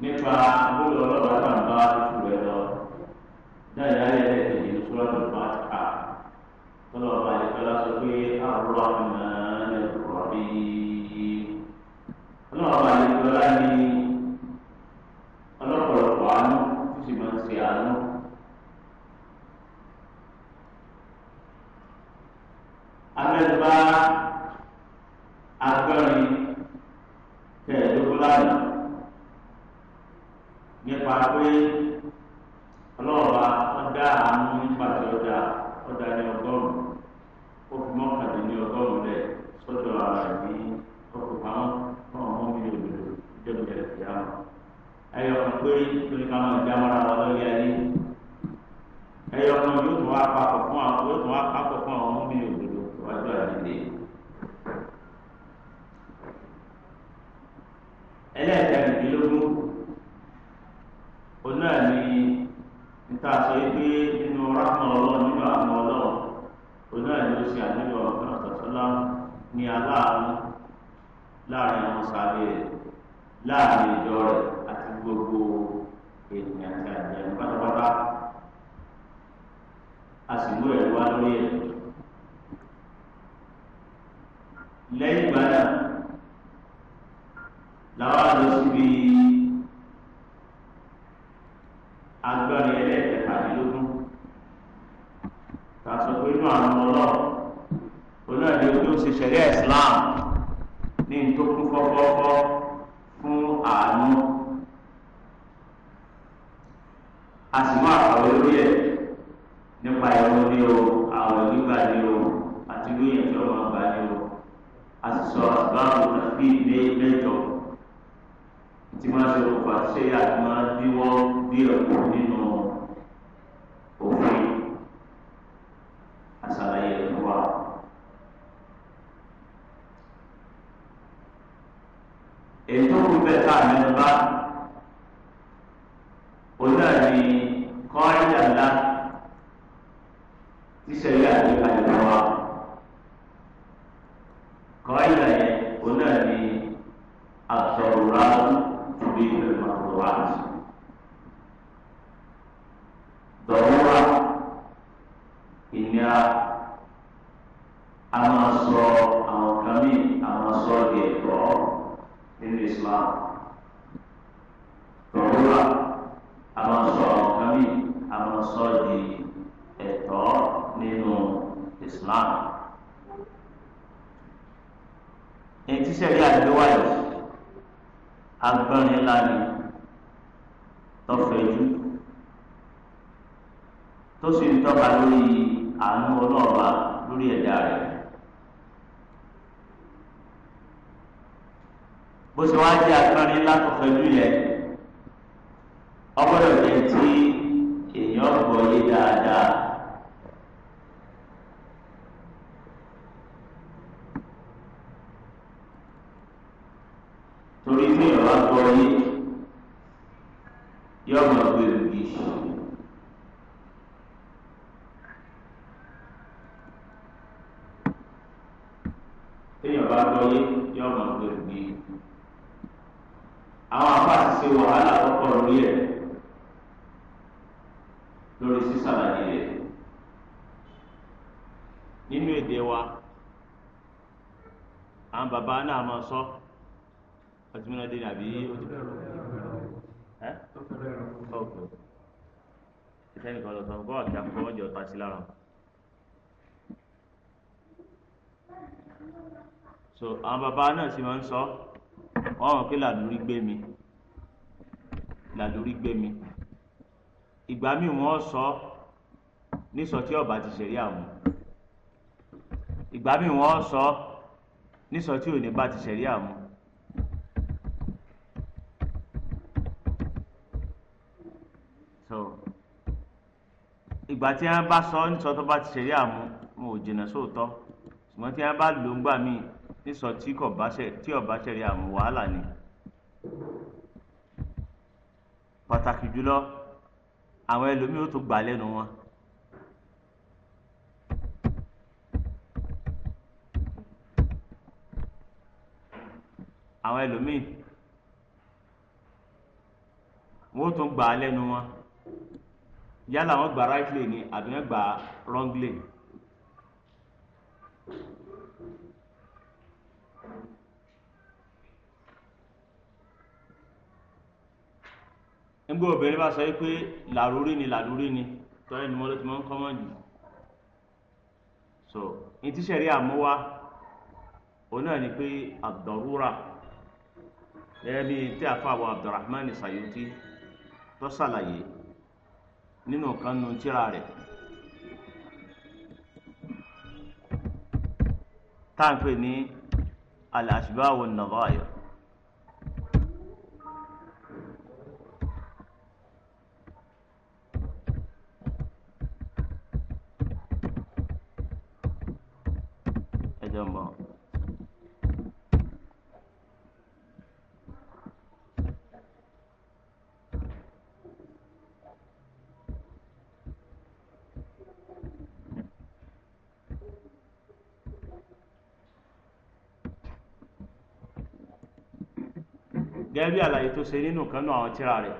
nípa gbogbo ọlọ́pàá náà bá tutù rẹ lọ dáadáa yẹ ẹ̀wọ̀n ni o àwọn gbígbà ni o àti lóyún ẹ̀jọ́ máa gbà o a sì sọ àgbáàbò tàbí ilé mẹ́jọ tí máa ṣe òkú àti ṣẹ́yà tí máa díwọ́ díẹ̀ kú nínú òfin. pé ìtẹ́nì kan lọ sọ bọ́ọ̀ kí akọ́kọ́ jọ ta sí lára. so àwọn bàbá náà sì máa ń sọ wọn hàn pé làdúrí gbé mi làdúrí gbé mi ìgbà míì wọn sọ nísọ tí ọba ti ṣẹlẹ̀ àwọn ìgbà míì wọn sọ nísọ tí òní bá ti ṣẹlẹ̀ àwọn. ìgbà tí wọn bá sọ nísọ tó bá ti ṣẹlẹ̀ àmú wọn ò jìnnà sóòótọ́ ṣùgbọ́n tí wọn bá lò ń gbà míì nísọ tí kò bá ṣẹlẹ̀ àmú wàhálà ni pàtàkì jùlọ àwọn ẹlòmíì ó tún gbà lẹ́nu wọn. àwọn ẹlòmíì wọn ó tún gbà lẹ́nu wọn yálà wọ́n gba right lane ni àbí wọ́n gba wrong lane. nígbà obìnrin bá sọ pé làrúrí ni làrúrí ni tọ́lẹ̀ ni wọ́n ló ti máa ń kọ́mọ̀ jù so ní tíṣẹ̀rí àmúwá òun náà ni pé àdọ̀rúra gẹ́gẹ́ bí tí àfa àwọn Abdulrahman Sayuti tó ṣàlàyé. nínú kan nu tíra rẹ̀ tá à ń pè ní al-ashbah wan-nadha'ir. ẹjọ́ ń bọ̀. gẹ́gẹ́ bí àlàyé tó ṣe nínú kan náà àwọn tíra rẹ̀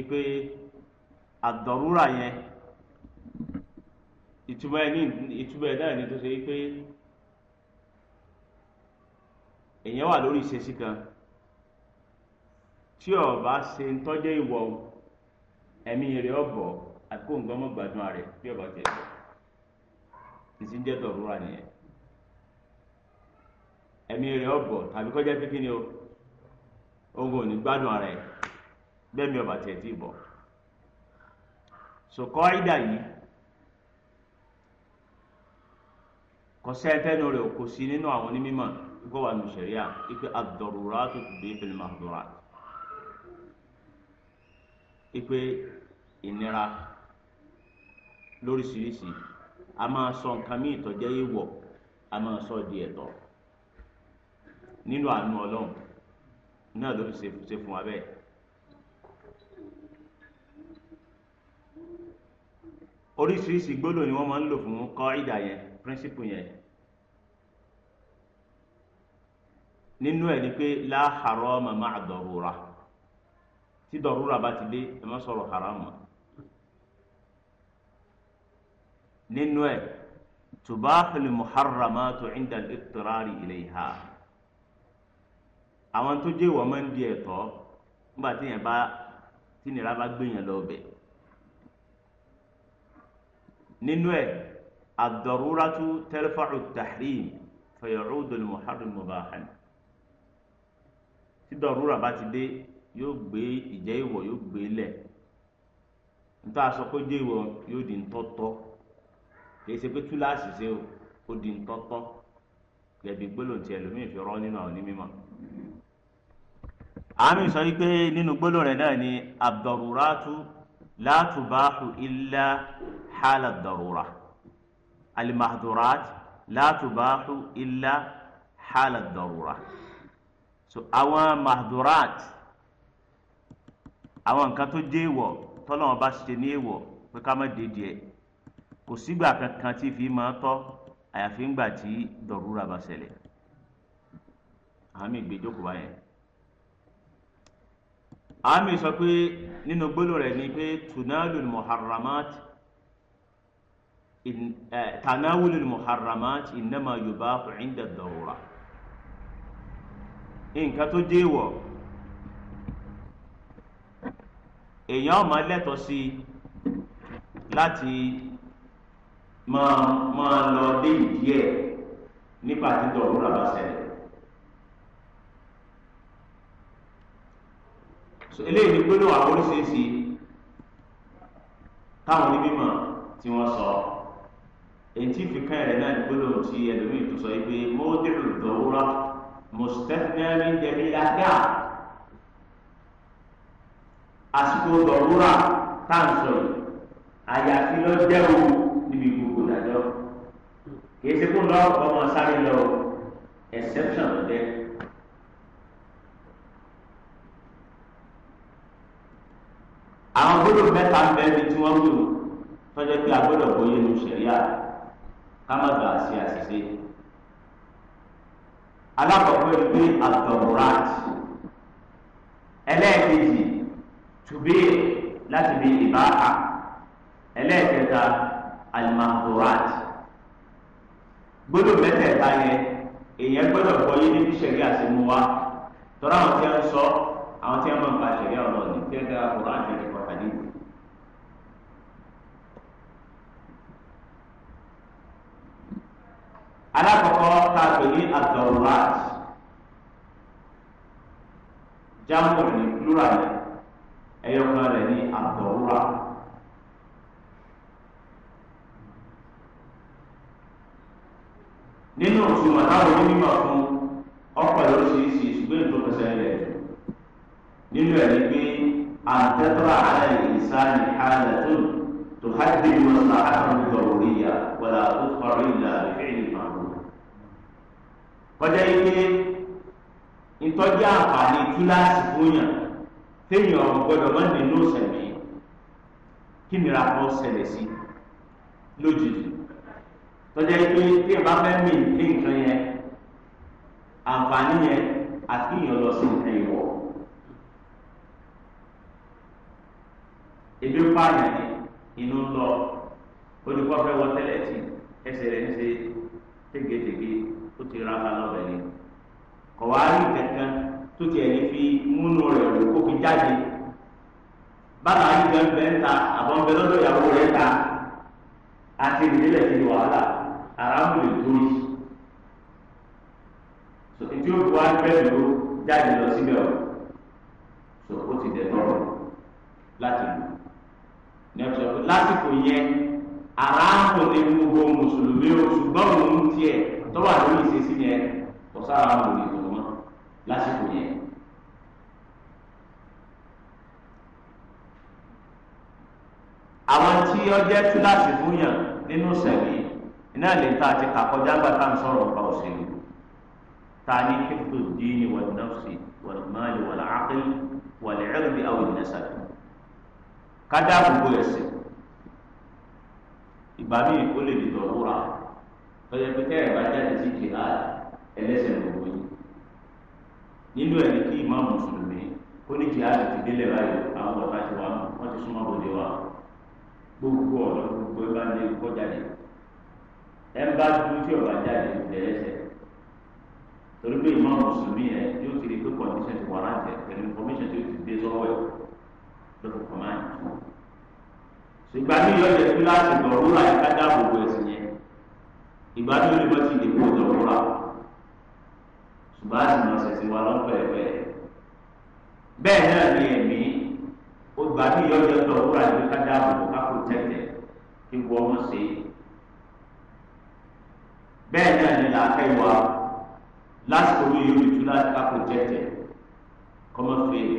ìpè àdọ̀rúra yẹn ìtumọ̀ ẹ̀ ní ìtumọ̀ ẹ̀ náà ni tó ṣe wípé èèyàn wà lórí ìṣesí kan tí ó bá ṣe ń tọ́jú ìwọ ẹ̀mí rẹ̀ ọ̀bọ̀ àti kóńgọ́mọ̀ gbádùn rẹ̀ bí ó bá tẹ̀ ẹ́ ìsìnjẹ́ dọ̀rúra nìyẹn ẹ̀mí rẹ̀ ọ̀gbọ̀ tàbí kọjá pé kí ni o ogun ò ní gbádùn ara ẹ̀ bẹ́ẹ̀ mi ọ̀bà tiẹ̀ ti bọ̀ sòkọ́ ìdá yìí kọsẹ́ tẹnu rẹ̀ kò sí nínú àwọn onímọ̀ gbọ́ wà nù sẹ̀ríà ipe àdọ̀rùrà tó ti dé fìlìmọ̀ àdọ̀rà ipe ìnira lóríṣiríṣi a máa sọ nǹkan mí ìtọ́jẹ́ ìwọ̀ a máa sọ di ẹ̀tọ́ nínú àánú ọlọ́run náà ló fi ṣe fún wa bẹ́ẹ̀. oríṣiríṣi gbólóhùn ni wọ́n máa ń lò fún kọ́ìdà yẹn píríncípù yẹn nínú ẹ̀ ni pé la harama ma'a darura tí dọ̀rúra bá ti dé ẹ má sọ̀rọ̀ haramu nínú ẹ̀ tubahul muharramatu 'inda al-ittirari ilayha àwọn tó jẹ́ ìwọ máa ń di ẹ̀tọ́ nígbà tí yẹn bá tí nira bá gbé yẹn lọ bẹ̀ nínú ẹ̀ ad-daruratu tarfa'u at-tahrim fa ya'udu al tí dọ̀rúra bá ti dé yóò gbé ìjẹ́ ìwọ̀ yóò gbé lẹ̀ níta sọ pé jẹ́ ìwọ̀ yóò di ntọ́tọ́ kì í ṣe pé túláàsì ṣe ó di ntọ́tọ́ lẹ́bi gbólóhùn tí ẹlòmíì fi rọ́ nínú àwọn onímọ̀ àmì sọ wípé nínú gbólóhùn rẹ̀ náà ni abdọ̀rùrátù látùbáhù ilá hálà dọ̀rùrà alimahdurat látùbáhù ilá hálà dọ̀rùrà so àwọn mahdurat àwọn nǹkan tó jẹ́ èèwọ̀ tọ́lọ́wọ́n bá ṣe ní èèwọ̀ pé ká má dédìí ẹ̀ kò sígbà kankan tí fi máa tọ́ àyàfi ńgbà tí dọ̀rùrà bá ṣẹlẹ̀ àmì ìgbẹ́jọ́ kò bá yẹn àmì sọ pé nínú gbólóhùn rẹ̀ ni pé tunalul muharramat eh, tanawulul muharramat innama yubahu inda ad-darura nǹkan tó dé wọ̀ èèyàn ọmọ lẹ́tọ̀ọ́ sí láti máa máa lọ dé ìdí ẹ̀ nígbà tí dọ̀rúra bá ṣẹlẹ̀. eléyìí ni gbólóhùn àwọn oríṣiríṣi táwọn onímọ̀ tí wọ́n sọ ètí ìfikàn rẹ̀ náà ni gbólóhùn tí ẹlòmíì tó sọ yìí pé mọ́tẹ́rù dọ̀wúrọ̀ mùsùlùmí jẹ̀bi àgá àsìkò dọ̀wúrọ̀ táǹsọ̀ yìí àyàfi lọ jẹ́wò níbi gbogbo dájọ́ kì í ṣe kó lọ́ọ́ ọmọ sáré lọ exception lọ́dẹ́. àwọn gbọ́dọ̀ mẹ́ta ń bẹ ẹni tí wọ́n wù tọ́jọ́ pé a gbọ́dọ̀ bóyá inú sẹ̀ríà ká má bàa ṣe àṣìṣe. alákọ̀ọ́kọ́ ni pé abdulmurat ẹlẹ́ẹ̀kejì tùbí láti bí ìbáàkà ẹlẹ́ẹ̀kẹta alimahdurat gbọ́dọ̀ mẹ́tẹ̀ẹ̀ta yẹn èèyàn gbọ́dọ̀ bóyá inú sẹ̀ríà sí mu wá tọ́ra àwọn tí wọ́n sọ àwọn tí wọ́n mọ̀ nípa sẹ̀ríà ọ̀nà ní tí wọ́n dára kó ráńtì nípa. alákọ̀ọ́kọ́ tá a pè ní adorat jámbò ní plural ẹ̀yọkan rẹ̀ ní adorura. nínú òṣùwọ̀n táwọn onímọ̀ fún ọkọ̀ lóríṣiríṣi ṣùgbọ́n ètò ìpèsè rẹ̀ nínú ẹ̀ ní pé àtẹ́tọ́ra àlẹ́ ìsáni àlẹ́ tó tó hajj ní wọn sọ àtàwọn ìdọ̀rọ̀ ríya wọ́n là ó kọrin ìlà ìfẹ́ ìlú. kọjá yìí pé ìtọ́jú àǹfààní kíláàsì fúnyàn téèyàn gbọdọ̀ má nínú sẹ̀mí kí nira kan ṣẹlẹ̀ sí lójijì tọ́jà yìí pé tí ẹ bá fẹ́ mì ní nǹkan yẹn àǹfààní yẹn àti kíyàn lọ sí nǹkan ìwọ̀ ebi pààyàn inú lọ olùkọ́ fẹ́ wọ tẹ́lẹ̀ tì ẹsẹ̀ rẹ̀ ń ṣe tégetége ó ti ra ma lọ́bẹ̀ ni kọ̀wárí kankan tó tiẹ̀ ní fi múnú rẹ̀ wò kó fi jáde bàbá yìí bẹ́ẹ̀ bẹ́ẹ̀ ń ta àbọ̀ ń bẹ lọ́dọ̀ ìyàwó rẹ̀ ta àti ìdílé ti wàhálà aráàlú lè torí sòtì tí ó fi wá bẹ́ẹ̀ ló jáde lọ síbẹ̀ o sò ó ti dẹ̀ tọrọ láti lò ní ọ̀sẹ̀ lásìkò yẹn aráàlú lè gbogbo mùsùlùmí o ṣùgbọ́n òun tiẹ̀ tó wà lórí ìṣesí yẹn kò sára àwọn òní tó mọ́ lásìkò yẹn. àwọn tí ó jẹ́ kíláàsì fún yàn nínú sẹ̀mí iná lè ta àti kàkọjá gbà tá à ń sọ̀rọ̀ ọ̀pá òṣèlú ta ní kíkú dín wal nafsi wal mali wal aqli wal irdi aw an nasab kájà gbogbo ẹ̀sìn ìgbà míì ó lè dìtọ̀ lóra lọ́yẹ pé tẹ́ ẹ̀ bá jáde sí jihad ẹlẹ́sẹ̀ gbogbo yìí nínú ẹ̀ ní kí ìmọ̀ mùsùlùmí ó ní jihad ti délẹ̀ báyìí àwọn ọ̀tá ti wà mọ̀ wọ́n ti súnmọ́ bòde wa gbogbo ọ̀dọ́ gbogbo ẹ bá lé kọ́ jáde ẹ bá dúró tí ọ̀bá jáde ẹlẹ́sẹ̀ torí pé ìmọ̀ mùsùlùmí ẹ yóò ti di pé condition ti wàrà jẹ pẹ̀lú information tí o ti dé sọ́wọ́ ẹ lọ́kọ̀ kọ̀máyì ṣùgbọ́n mi yọ̀ ọ́ jẹ́ ìgbádùn ìlú bọ́tì lè kó ọ̀dọ̀ fúnra ṣùgbọ́n àti ìmọ̀ọ́sẹ̀ ti wà lọ́pẹ̀ẹ́pẹ́ bẹ́ẹ̀ náà ni ẹ̀mí ó gbà ní ìyọ́jọ́ tó fúnra ìlú kájà àbùkù kápò tẹ̀tẹ̀ kí wọ́n mọ̀ sí bẹ́ẹ̀ náà ni làákẹ́wà lásìkò ní ìlú ìtú láti kápò tẹ̀tẹ̀ kọ́mọ́ fèrè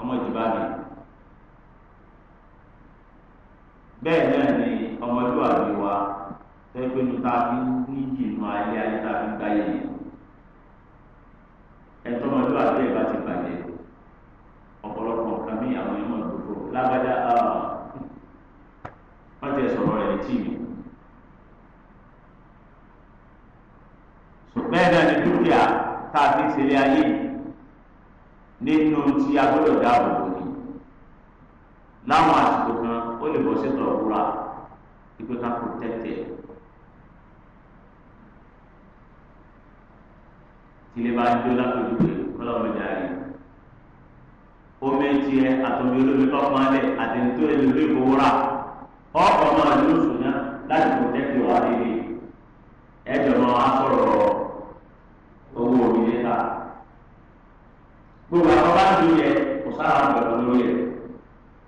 ọmọ ìdìbò àná bẹ́ẹ̀ náà ni ọmọlúwàbí wa. tẹ́gbẹ́ nu ta fi ní jìnnú ayé ayé ta fi gbáyé yìí ẹ̀tọ́ ọmọdé wà bẹ́ẹ̀ bá ti bàjẹ́ ọ̀pọ̀lọpọ̀ nǹkan mí àwọn ẹ̀mọ́ ìdókò lágbájá wọ́n ti sọ̀rọ̀ rẹ̀ ní tíìmù. bẹ́ẹ̀ náà ni dúkìá tá a fi ń ṣeré ayé nínú ti agbọ́dọ̀ dáàbò bò ní láwọn àsìkò kan ó lè bọ́ sẹ́tọ̀ ọ̀kúra ìpínká kò tílé bá jó lápòjúwe kọlọ́mọ jáde omi tiẹ̀ àtọ́jú olómi kọ́kọ́ lẹ̀ àtẹ̀ntó ẹni lórí ìfowóra ọkọ̀ máa ní oṣù náà láti pòtẹ́kì wà nílé ẹjọ́ máa wá sọ̀rọ̀ owó omi níta gbogbo àwọn bá ń dùn yẹ kò sára pẹ̀lú lórí ẹ̀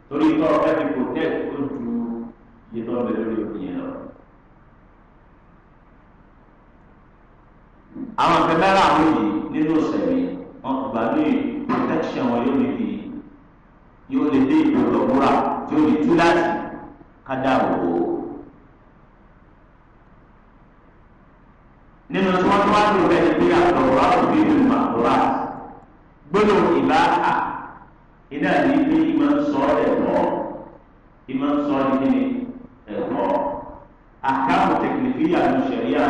torí tọ́ ẹ fi pòtẹ́kì ó ju iye tó ń bẹ lórí òkè àwọn ìfẹ́ mẹ́rin àwọn yìí nínú ìṣẹ̀lẹ̀ wọn gbà ní protection wọn yóò lè di yóò lè dé ìgbòdò múra tí ó lè tú láti kádà wò ó. nínú tí wọ́n tún wá lò bẹ́ẹ̀ ni pé àtọ̀rọ̀ àtòbí ìlú màkúrà gbọ́dọ̀ ìbá à iná ní pé ìmọ̀ ń sọ ẹ̀kọ́ ìmọ̀ ń sọ ní ẹ̀kọ́ àkàmù tẹ̀kìlìfìyà ló ṣẹ̀ríà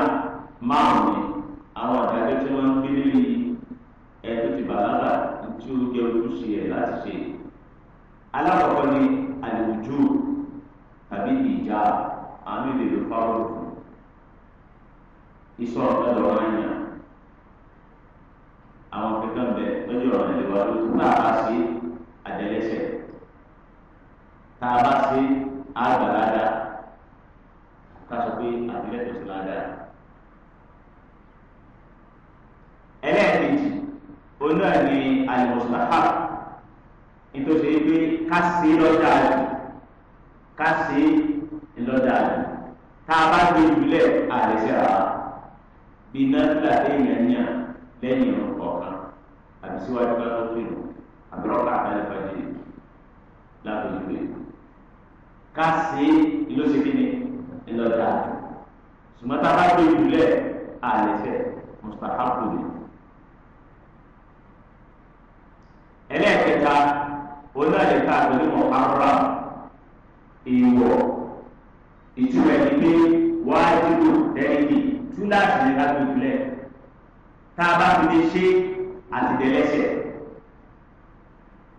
márùn-ún àwọn àdájọ́ tí wọ́n ń gbé lórí ẹ̀tọ́ ti bàlágà tí ó jẹ́ ojúṣe ẹ̀ láti ṣe. alákọ̀ọ́kọ́ ni àlùjù tàbí ìjà àmì ìlú fáwọn òfin ìsọ̀rọ̀ lọ́dọ̀ wọn yàn àwọn kẹkẹ́ ń bẹ lọ́jọ́ ọ̀rọ̀ ìlú wa lójú tá bá ṣe àdẹ́lẹ́sẹ̀ tá a bá ṣe àgbàládà ká sọ pé àtìlẹ́tọ̀sí ládàá. ẹlẹ́ẹ̀kejì òun náà ni alimusaha nítorí pé ká sí lọ́dà rẹ̀ ká sí lọ́dà rẹ̀ tá a bá gbé ìbílẹ̀ àrẹ̀sẹ̀ra bí nàdúrà téèyàn yàn lẹ́yìn ọ̀kan àbí síwájú bá tó pè lò àbí rọ́bà àbálẹ̀ fàjì lábẹ́jùlé ká sí ìlọsíkíni lọ́dà rẹ̀ sùmọ́tà bá gbé ìbílẹ̀ àrẹ̀sẹ̀ mustahabu ni. ẹlẹ́ẹ̀kẹta onáàlẹ́ka àtọ́nímọ̀ arúgbà ìwọ̀ ìtumọ̀ ẹni pé wájúlò dẹ́rẹ́kì túláàsì ní láti ìpìlẹ̀ tá a bá fi lè ṣe àtìdẹ́lẹ́sẹ̀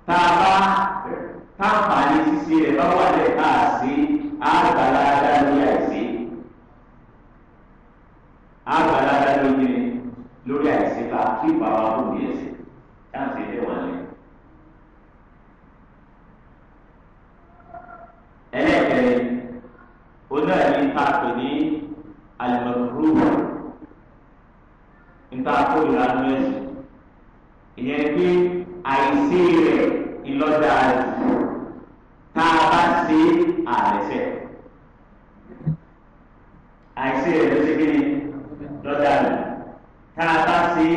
tá a bá táǹfààní ṣíṣe rẹ̀ bá wà lẹ̀ ká sí àgbàlagbà lórí àìsí àgbàlagbà lórí àìsí ká kí bàbá kò ní ẹsẹ̀ káàsì ẹ̀wọ̀n lẹ́yìn. bẹ̀rẹ̀ oní ẹ̀yìn tá a pè ní alimọ̀kúrú níta kó ìlànà ẹ̀sìn ìyẹn pé àìsí rẹ̀ ìlọ́jà rẹ̀ tá a bá ṣe àrẹ̀sẹ̀ àìsí rẹ̀ ló ṣe kí ni lọ́jà rẹ̀ tá a bá ṣe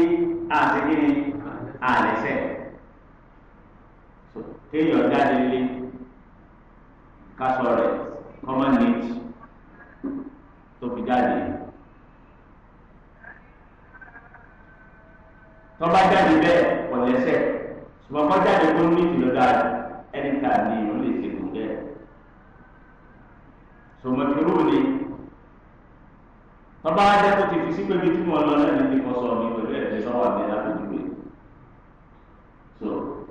àṣekí ni àrẹ̀sẹ̀ kéèyàn jáde lé kásọ rẹ̀ common need tó fi jáde. tọ́ba jáde bẹ́ẹ̀ kò lẹ́sẹ̀ ṣùgbọ́n kọ́ jáde kó ní ìtìlọ́ dáa ẹni tà ní ìlú lè ṣe kò gẹ́. sọmọtìrú ni tọ́ba ajá tó ti fi sí pé bí tí mo lọ náà ní ti sọ mi pẹ̀lú ẹ̀jẹ̀ sọ́wọ́ àmì ẹ̀dá tó dúró so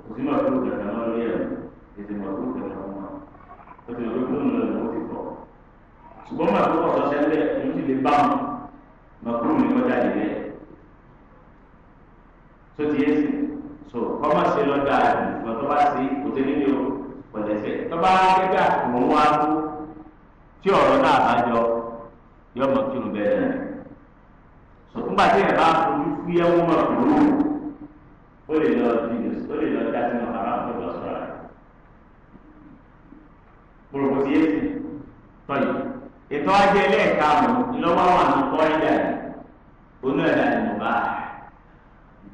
òsínmọ̀ tó dàgbà náà lórí ẹ̀rọ ètò ìmọ̀ tó náà lọ́dọ̀ ìjókòó nínú ẹ̀ lọ́wọ́ ti kọ́ ṣùgbọ́n màá tó ọ̀sọ̀ sẹ́lẹ̀ ní ti lè bá wọn màá kúrò ní kọjá lè tó ti yé sí so kọ́má ṣe lọ́dà ìgbọ̀n tó bá ṣe òtẹ́lẹ̀ ní o pọ̀lẹ́sẹ̀ tó bá gẹ́gẹ́ àtùmọ̀ wá kú tí ọ̀rọ̀ náà bá jọ yọ mọ̀ kírun bẹ́ẹ̀ rẹ̀ so nígbà tí ẹ̀ bá fojú fúyẹ́ wọn kúrò ó lè lọ gbogbo sí èsì tọ́yì ètò ajé ẹlẹ́ẹ̀karùn-ún ìlọ́wọ́ àwọn àlùkò ẹ̀dá onú ẹ̀dá ìmọ̀ba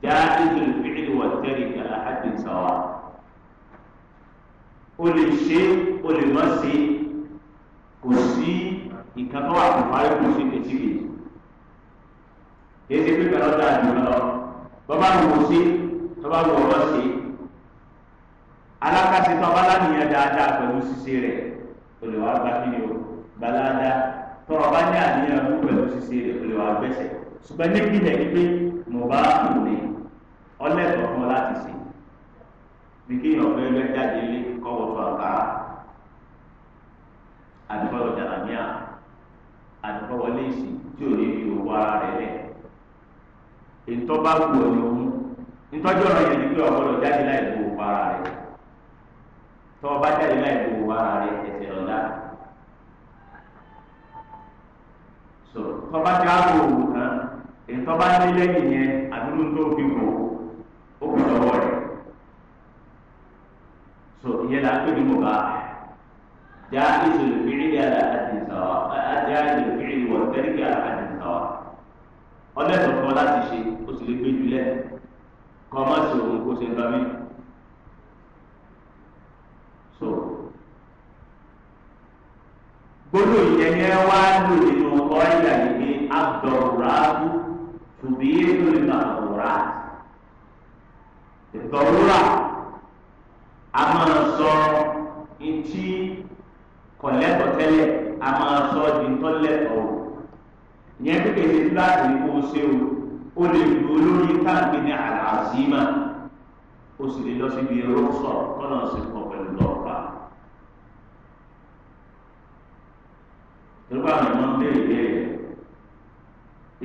já ìdí ìfìdí wọ̀ tẹ́lẹ̀ kẹlẹ́ àti sọ̀wá o lè ṣe o lè má ṣe kò sí nǹkan tó wà kò parí kò sí etí kejì kì í ṣe àdúgbò lọ bọ́ bá wù ú sí tó bá wù ọ́ alákàtí tọ́ba lánìyàn dáadáa pẹ̀lú ṣíṣe rẹ̀ olùwà gba kíni o gbalada tọ́ba ní àníyàn mú pẹ̀lú ṣíṣe rẹ̀ olùwà gbẹ̀sẹ̀ ṣùgbọ́n ní kílẹ̀ ní pé mo bá kù ní ọlẹ́tọ̀ fún láti ṣe ní kéèyàn fẹ́ lẹ́ jáde lé kọ́wọ́ tó àká àdúgbò jàlámíà àdúgbò wọlé ìsìn tí ò ní fi owó ara rẹ̀ lẹ̀ ètò bá wù ọ́ ní ohun nítọ́jú ọ̀rọ̀ yẹn ni pé ọ̀gbọ́dọ̀ jáde láì bu owó tó o bá jáde láì gbogbo ara rẹ ẹsẹ̀ ọ̀la so tó o bá já gbogbo òwò kan èyí tó o bá ní lẹ́yìn yẹn àdúró tó o fi kò ó kò lọ́wọ́ rẹ so ìyẹn là ń pè ní mo bá já ìṣòro fìrí yàrá àti ìṣòro àti ìṣòro fìrí wọ̀ tẹ́lifí yàrá àti ìṣòro ọlẹ́sọ̀tọ̀ láti ṣe ó sì lè gbé jùlẹ̀ kọ́ ọ má ṣe òun kó ṣe ń bá mi. gbọ́dọ̀ yẹn yẹn wá lò nínú ọ̀ọ́yà yìí abdọ̀rọ̀ráàbù tùbí lórí màdọ̀rọ̀rà ìdọ̀rọ̀rà a máa sọ etí kọ̀lẹ́tọ̀ tẹ́lẹ̀ a máa sọ dìtọ́lẹ̀tọ̀ yẹn kékeré ṣe kíláàsì ní kó o ṣe o o lè lu olórí káàkiri ní o sì lè lọ síbi ẹ̀rọ sọ̀rọ̀ kọ́nà sí pọ̀ pẹ̀lú lọ́ọ̀pá. nígbà wọn máa ń béèrè béèrè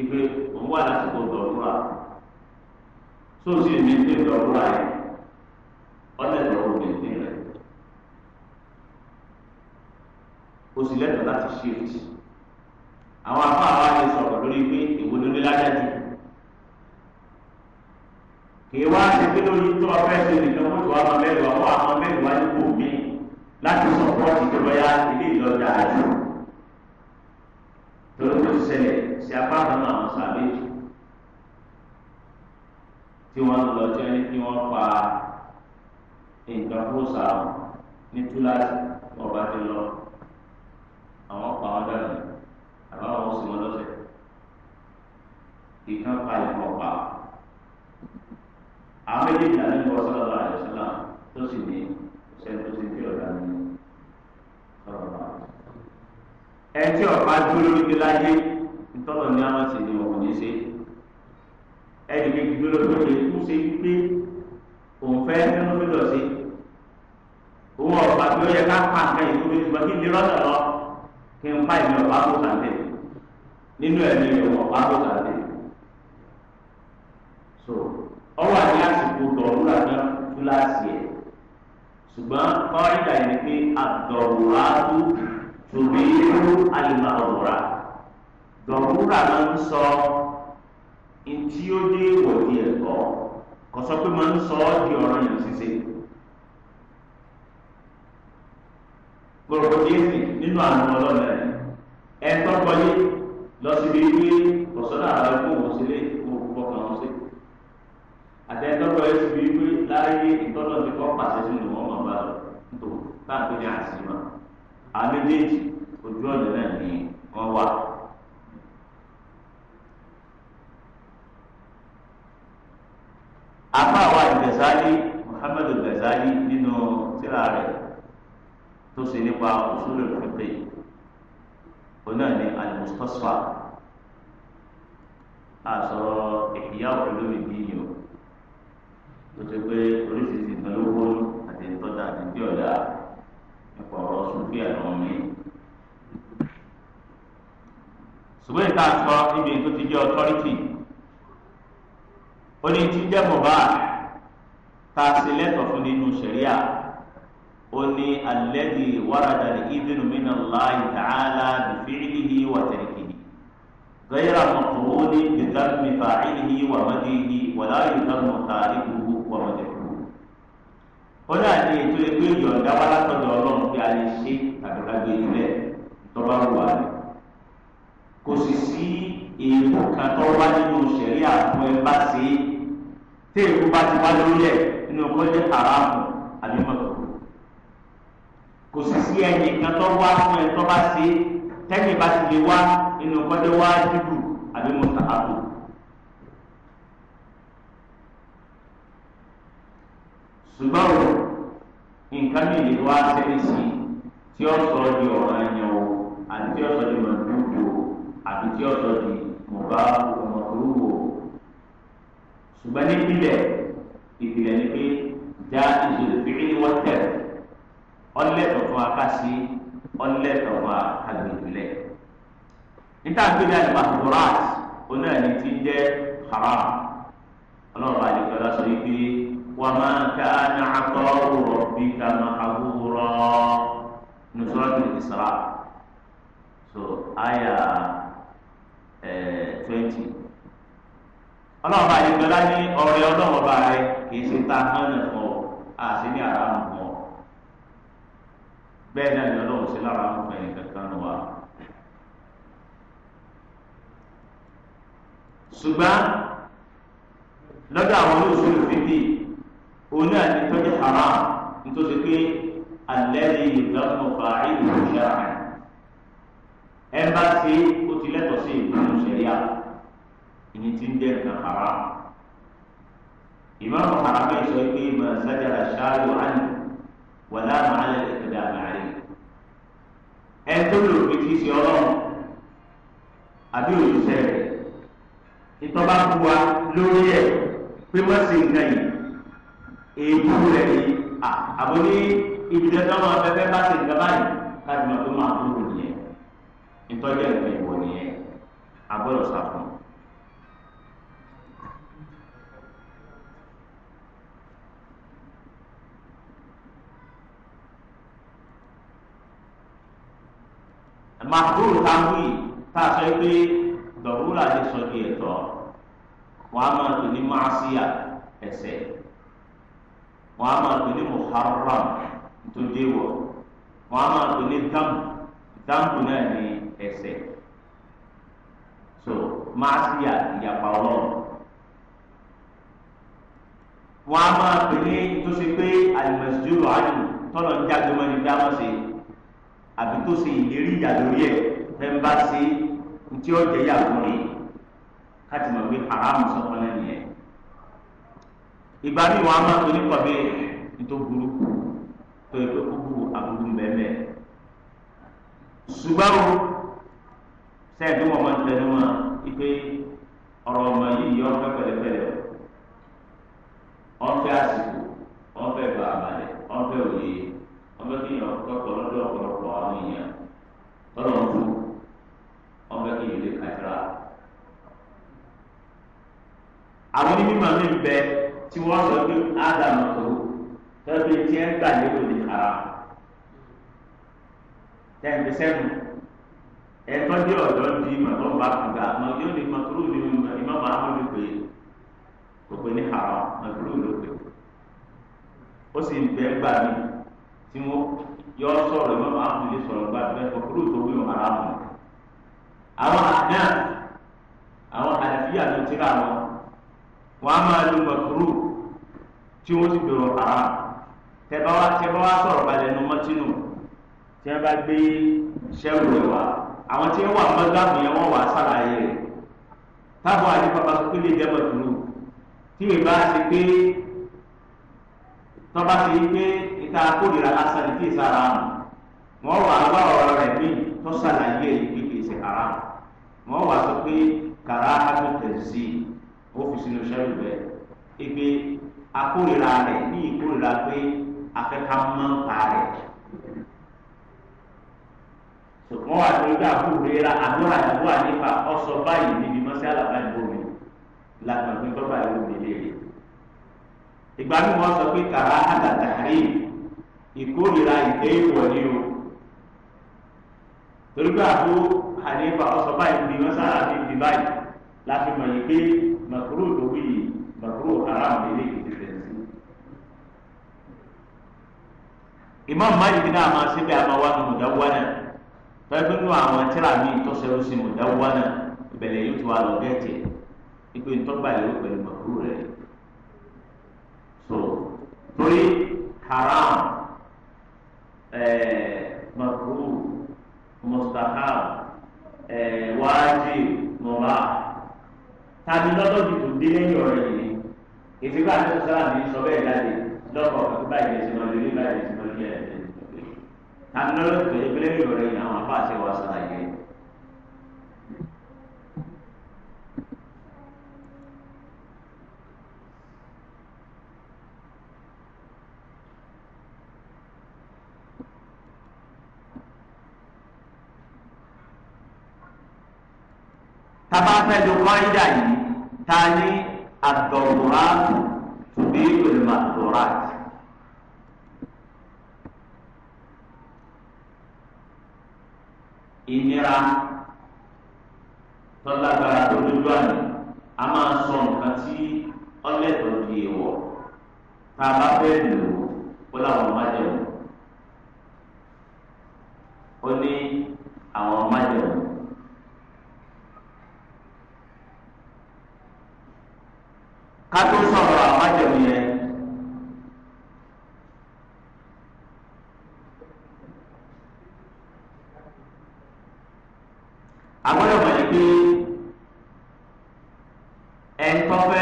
ipe òun wà lásìkò dọ̀rúra sóòsì mi ń pè dọ̀rúra yẹn ọ̀lẹ́ dọ̀rú mi ń rẹ̀ o sì lẹ́tọ̀ọ́ láti ṣíìtì àwọn afá wa ti sọ̀rọ̀ lórí pé èwo ni onílájájú kìí wá ṣe pé lórí tó o fẹ́ ṣe nìkan kó tó àwọn mẹ́rin àwọn àwọn mẹ́rin wáyé kò mí láti sọ̀pọ̀ tó bọ́yá ilé ìlọjà àjò. àti apá àtàwọn àwọn sàbẹ̀ jù tí wọ́n lọ jẹ́ kí wọ́n pa nǹkan fún sàrùn ní túláàsì ọba ti lọ àwọn pa wọn dànù àbáwọn sì wọn lọ́sẹ̀ ìkan pa ìkan pa àwọn méjèèjì àti ìwọ sọlọ lọ àyè sọlá tó sì ní ọ̀sẹ̀ tó ti fi ọ̀dà ní sọlọ lọ. ẹ tí ọ̀pá dúró níbi láyé ntọ́lọ̀ ní àwọn ṣe ni wọ́n ní ṣe ẹnì kejì tó lọ́dún lè tún ṣe wípé òun fẹ́ ẹnu fi lọ sí òun ọ̀pá tó yẹ ká pa nǹkan yìí tó fi ṣùgbọ́n kí n lè rọ́nà lọ kí n pa ìmọ̀ ọ̀pá tó kàn dé nínú ẹ̀mí ìmọ̀ ọ̀pá tó kàn dé so ọwọ́ àti àsìkò dọ̀rú àti túláàsì ẹ̀ ṣùgbọ́n kọ́ ìdá yẹn ni pé àdọ̀rùrá tó tòbí ìlú àlùmọ̀ ọ̀rọ̀ dọ̀rúrà ló ń sọ ntí ó dé ìwọ̀ di ẹ̀kọ́ kò sọ pé máa ń sọ ọ́ di ọ̀ràn yẹn ṣíṣe. gbogbo déèsì nínú àwọn ọlọ́run rẹ̀ ẹ tọ́kọlé lọ síbi ilé kọ̀sọ́dà àwọn ẹgbẹ́ òun sílé òun kò fọkàn wọn sí. àtẹ̀tọ́kọlé síbi ilé láyé ìtọ́nà ti kọ́ pàṣẹ sínú ọmọ ọba rẹ̀ nítorí táàpé ní àṣìmọ́ àmì déèjì ojú ọ̀nà náà ni wọ́n wà. afáwa ìgbẹ̀sálí Muhammad ìgbẹ̀sálí nínú tírà rẹ̀ tó ṣe nípa òṣùlù ìfẹ́pẹ́ onáà ní alimustasfa àsọ̀rọ̀ ìyá òkèlú mi bí yìí o tó ṣe pé oríṣiríṣi nǹkan ló wọ́n àti ìtọ́jà àti ìdí ọ̀dà nípa ọ̀rọ̀ sùnfì àtàwọn mi. ṣùgbọ́n ìta sọ níbi tó ti jẹ́ ọtọ́rítì ó ní tí jẹ́ mọ̀bá ta sí lẹ́tọ̀ fún nínú ṣẹ̀ríà ó ní alladhi warada al-idhnu min Allah ta'ala bi fi'lihi wa tarkihi ghayra maqruni bi dhammi fa'ilihi wa madhihi wa la yudhammu tarikuhu wa madhuhu. ó ní àti ètò ẹgbẹ́ ìyọ̀ǹda wá látọ̀dọ̀ ọlọ́run pé a lè ṣe tàbí ilẹ̀ tó bá ní kò sì sí èèmù kan tó wá nínú ṣẹ̀ríà fún ẹ bá ṣe é tí èkó bá ti wá lórí ẹ̀ nínú ọkọ̀ jẹ́ haramu àbí mọ̀tò kò sì sí ẹnì kan tó wá fún ẹ tó bá ṣe tẹ́yìn bá ti lè wá nínú ọkọ̀ jẹ́ wá dìbò àbí mọ̀tò àbò. ṣùgbọ́n o nǹkan mi lè wá sẹ́yìn sí tí ó sọ di ọ̀ràn ẹ̀yàn o àti tí ó sọ di mọ̀tò àbí tí ó sọ di mọ̀bá ọmọ ṣùgbọ́n ní ìpìlẹ̀ ìpìlẹ̀ ni pé já ìṣòro fìrí wọ́n tẹ̀ ọlẹ́tọ̀ fún akásí ọlẹ́tọ̀ fún agbègbèlẹ̀. níta gbélé àti mahdurat oní ẹni tí ń jẹ́ haram ọlọ́run àdìgbò lọ sọ pé wà máa ká ní akọ́ òrò bí ká máa wúrọ̀ nùsọ́rọ́tì Isra so àyà eh, twenty ọlọ́run bá yẹn gbọ́dá ní ọ̀rẹ́ ọlọ́run ọba rẹ kì í ṣe ta mọ́nà fún ọ àti ní àràmù fún ọ bẹ́ẹ̀ náà ni ọlọ́run ṣe lára ń fẹ́ kankan wa. ṣùgbọ́n lọ́dọ̀ àwọn olóṣèlú fídì òun náà ní tọ́jú haram nítorí pé alẹ́ ní ìdánwò fàáyé ìlú ṣáà ẹ̀ bá ṣe ó ti lẹ́tọ̀ọ́ sí ìlú ṣẹ̀yà ìní tí ń jẹ́ nǹkan hara ìmáàmù haramẹ́ sọ pé mà sájàrà ṣáájú àná wàlá màálẹ̀ ìpínlẹ̀ àmàlẹ́ ẹ tó lò pé kí ṣe ọlọ́run àbí òṣìṣẹ́ rẹ̀ ìtọ́ba kú wa lórí ẹ̀ pé má ṣe nǹkan yìí èébú rẹ̀ ni àbò ní ibùdó tó máa fẹ́fẹ́ bá ṣe nǹkan báyìí láti mọ̀ pé máa tó wù nìyẹn ìtọ́jú ẹ̀rọ ìwọ nìyẹn agbọ́dọ̀ sá un. màdúró táwí tá a sọ pé dọ̀rúrà lè sọ di ẹ̀tọ́ wọn a máa pè ní máṣíà ẹ̀ṣẹ̀ wọn a máa pè ní muharram tó déwọ̀ wọn a máa pè ní dáàmù dáàmù náà ní so máṣíà ya ọlọ́run wọn a máa pè ní tó ṣe pé àlùmọ̀síjú lọ́ọ́ àjù tọ́lọ̀ ń jáde mọ́ni bí àbí tó se ìlérí ìyà lórí ẹ̀ fẹ́ ń bá ṣe tí ó jẹ́ yà fún mi káti mọ̀ pé haramu sọ̀kan lẹ́nu yẹn. ìgbà mi wọn a máa torí kọ́ bí nítorí burúkú tó yẹ pé kó bu àbúrú mbẹ́mbẹ́. ṣùgbọ́n sẹ́ẹ̀dì wọn máa ń tẹnu mọ́ ipe ọ̀rọ̀ ọmọ yìí yọ ọ́fẹ́ pẹ̀lẹ́pẹ̀lẹ́ ọ̀fẹ́ àsìkò ọ̀fẹ́ bàbàlẹ̀ ọ̀fẹ́ òye ọmọ kí yàn kọ́kọ́ lọ́dọ̀ ọ̀pọ̀lọpọ̀ àwọn èèyàn tọ́lọ̀ ń fún ọmọ kí yàn lè kàkàrà. àwọn onímọ̀ mi ń bẹ tí wọ́n sọ pé Adam tó tọ́jú tí ẹ ń gbà lérò ní ara tẹ̀mí sẹ́nu ẹ̀tọ́ dé ọ̀dọ́ di màtọ́ba kùgà mọ̀ yóò ní mọ̀tòrò ní ìmọ̀ máa ń lò pé kò pé ní ara mọ̀tòrò ló pé ó sì ń bẹ́ẹ̀ gbà mí tí wọ́n yọ sọ̀rọ̀ ìmọ̀ máa ń lè sọ̀rọ̀ gba bẹ́ẹ̀ ọkùnrin tó gbé wọn ara mọ̀. àwọn àná àwọn àlàfíà ló ti rà wọn wọn á máa lo mọ̀kúrú tí wọ́n sì gbèrò ara tẹ́bá wá tẹ́bá wá sọ̀rọ̀ balẹ̀ nu mọ́tínù tí wọ́n bá gbé sẹ́wù rẹ̀ wá àwọn tí wọ́n wà mọ́gbàmù yẹn wọ́n wà sàlàyé rẹ̀ táwọn àdìpapà sọ lè jẹ́ mọ̀kúrú tí ìbá ṣe pé tọ́ba ṣe pé tá a kórìíra lásán ní kí èsì ara mu wọ́n wà wá ọ̀rọ̀ rẹ̀ mí tó ṣàlàyé ìpè kì í ṣe ara mu wọ́n wà sọ pé kàrá hàtó tẹ̀sí ó fi sínú sẹ́yìn bẹ́ẹ̀ ìpè akórìíra rẹ̀ ní ìkórìíra pé afẹ́ká máa ń pa rẹ̀ ṣùgbọ́n wà lórí bí àbúrò rẹ̀ àdúrà ìdúrà nípa ọ̀sọ̀ báyìí níbi mọ́sí àlàbá ìbòmí làtàgbé tọ́ba ìlú mi léèrè ìgbà mi wọ́n sọ pé kàrá àgàtà rí ìkórìíra ìdé ìwọ̀ ni o torí pé àbó àlefa ọ̀sọ̀ báyìí ni wọ́n sára fi di báyìí láti mọ̀ yìí pé màkúrò tó wí yìí màkúrò haram lè lè tètè sí. Imam Malik náà máa ṣe bí a máa wá ní mùdáwánà fẹ́ẹ́ nínú àwọn tíra mi tó ṣẹlú sí mùdáwánà ìbẹ̀lẹ̀ yóò ti wá lọ gẹ́ẹ̀tì ìpè ntọ́gbà yóò pẹ̀lú màkúrò rẹ̀ so torí haram makruh mustahab wajib mubah tàbí lọ́dọ̀ dìbò délé yọ̀rọ̀ yìí ìfipá àti sọ́sọ́lá mi sọ bẹ́ẹ̀ jáde lọ́kọ̀ ìfipá ìjẹsì máa lórí ìfipá ìjẹsì máa lórí ẹ̀ tàbí lọ́dọ̀ dìbò délé yọ̀rọ̀ yìí àwọn afáàṣẹ wa sàlàyé tábà fẹ́ lo kọ́ńdà yìí ta ní àdọ̀rọ̀á tùbí olùmọ̀ àdọ̀rọ̀á. ìnira tọ́lágbára tó dúdú àná a máa sọ nǹkan tí ọlẹ́tọ̀ di èèwọ̀ tá a bá fẹ́ lò ó kó láwọn májẹ̀mú ó ní àwọn májẹ̀mú. ká sọ̀rọ̀ àmájẹ̀mú yẹn. agbọ́dọ̀ mọ̀ ní pé ẹni fẹ́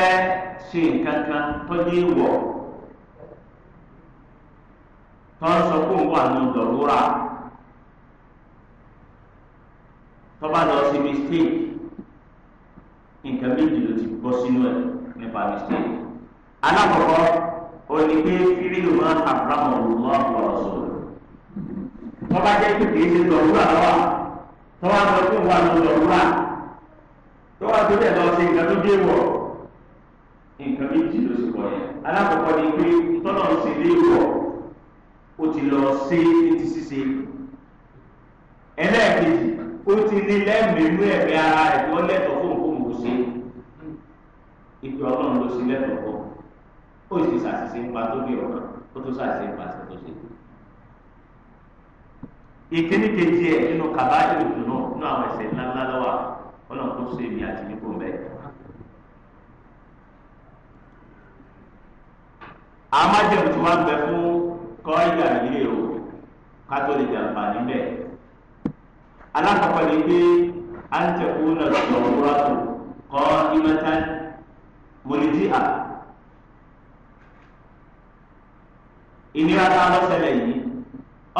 ṣe nǹkan kan tó ìwọ̀ tó ń sọ fún òun àmì ìdọ̀rúra tó bá lọ sí mistake nǹkan méjì ló ti bọ́ sínú ẹ̀ nípa mistake. alákọ̀ọ́kọ́ òní pé fílílù máa àbúrámọ̀ lọ́wọ́ ọ̀rọ̀ sọ̀rọ̀. wọ́n bá jẹ́ pé kìí ṣe lọ́wọ́ lọ́wọ́ tó wá lọ sí ìwà lọ́wọ́ tó wá tó bẹ̀ lọ sí nǹkan tó dé wọ̀ nǹkan méjì ló sì wọ̀ yẹn. alákọ̀ọ́kọ́ ni pé tọ́nà ń ṣe léèwọ̀ ó ti lọ sí etí ṣíṣe. ẹlẹ́ẹ̀kejì ó ti ní lẹ́mìí inú ara ẹ̀ tó lẹ́tọ̀ọ́ pé ọlọ́run ló sí lẹ́tọ̀ọ́ fún ó sì ṣàṣìṣe ń pa tó bí ọ̀rọ̀ ó tó ṣàṣìṣe ń pa ṣe tó ṣe. ìkíní kejì ẹ̀ nínú kàbáyé ìdùnnú nínú àwọn ẹ̀ṣẹ̀ ńláńlá lọ́wọ́ ọlọ́run tó ṣe èmi àti nípò mẹ́ẹ̀. àmájẹ̀mú tí wọ́n gbẹ fún kọ́ ìgbà ìdílé o kátó lè jàǹfà níbẹ̀. alákọ̀ọ́kọ́ ni pé à ń tẹ̀kú náà lọ́wọ́ kọ́ ìmọ̀tánì mọlìdíà ìnira tá a lọ ṣẹlẹ̀ yìí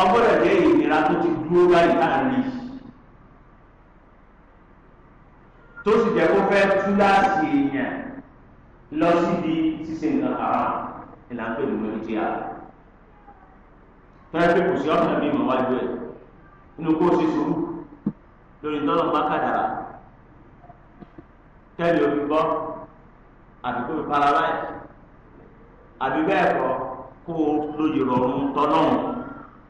ọgbọ́dọ̀ jẹ́ ìnira tó ti dúró báyìí láàrin tó sì jẹ́ kó fẹ́ túláàsì èèyàn lọ síbi ṣíṣe nǹkan àrà ìlànà ìlú mọlìdíà tọ́lá pé kò sí ọ̀nà mi mọ̀ ẹ̀ inú kó o ṣe sùúrù lórí tọ́lọ̀ bá kàdàrà tẹ́lẹ̀ òfin bọ́ àbí kó paralyze àbí bẹ́ẹ̀ kọ́ kó lóye rọrùn tọ́lọ́hún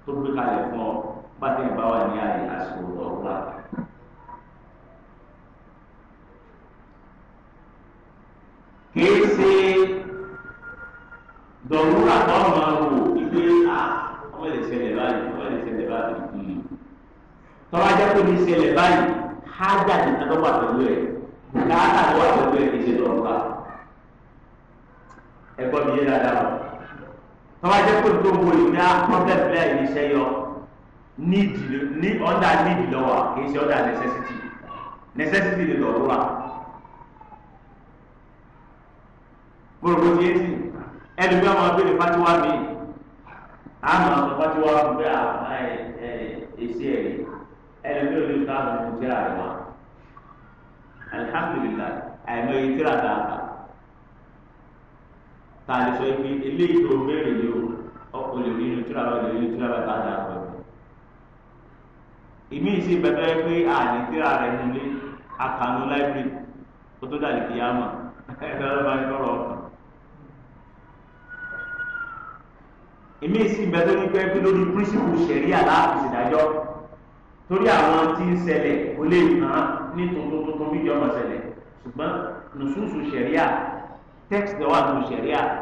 tó gbé kalẹ̀ fún ọ bá ti ń bá wà ní àyè àsìkò ọ̀rọ̀ wa. kìí ṣe dọ̀rúrà tó máa wò ìgbé à ọmọ lè ṣẹlẹ̀ báyìí ọmọ lè ṣẹlẹ̀ báyìí tọ́wọ́ ajá kò ní ṣẹlẹ̀ báyìí hájà ní adọ́gbà pẹ̀lú ẹ̀ káàtà ló wà pẹ̀lú ẹ̀ kìí ṣe dọ̀rúrà ẹ̀gbọ́n mi yé dáadáa o tọ́wá jẹ́ kó tó ń wo ìdá problem player yìí ṣe yọ ní ọ̀dà need lọ́wọ́ kì í ṣe ọ̀dà necessity necessity lè lọ́wọ́ wa. mo o bó ti yé sí ẹni bí ọmọ abẹ́rẹ́ fatiwa mi àmọ́ fatiwa gbé èsì ẹ̀rí ẹni bí olè ká àwọn ohun tí a rẹ̀ wá alihamudulilayi àìmọye tí a dà á tá a lè sọ pé eléyìí tó béèrè yìí o o lè rí inú tíra o lè rí inú tíra bá dáa pẹ̀. ìmí ìsìn bẹ̀tọ̀ yẹ pé àní tíra rẹ̀ nílé akànú láìpẹ́ kó tó dàlí kìí àmọ̀ ẹ̀rọ máa ń lọ́rọ̀ ọkàn. ìmí ìsìn bẹ̀tọ̀ ní pé lórí pírísìpù ṣẹ̀ríà láàbù ìdájọ́ torí àwọn tí ń ṣẹlẹ̀ kò lè hàn án ní tuntun tuntun bí jọmọ ṣẹlẹ̀ ṣùgbọ́n nùsùsù ṣẹ̀ríà text wà nù ṣẹ̀ríà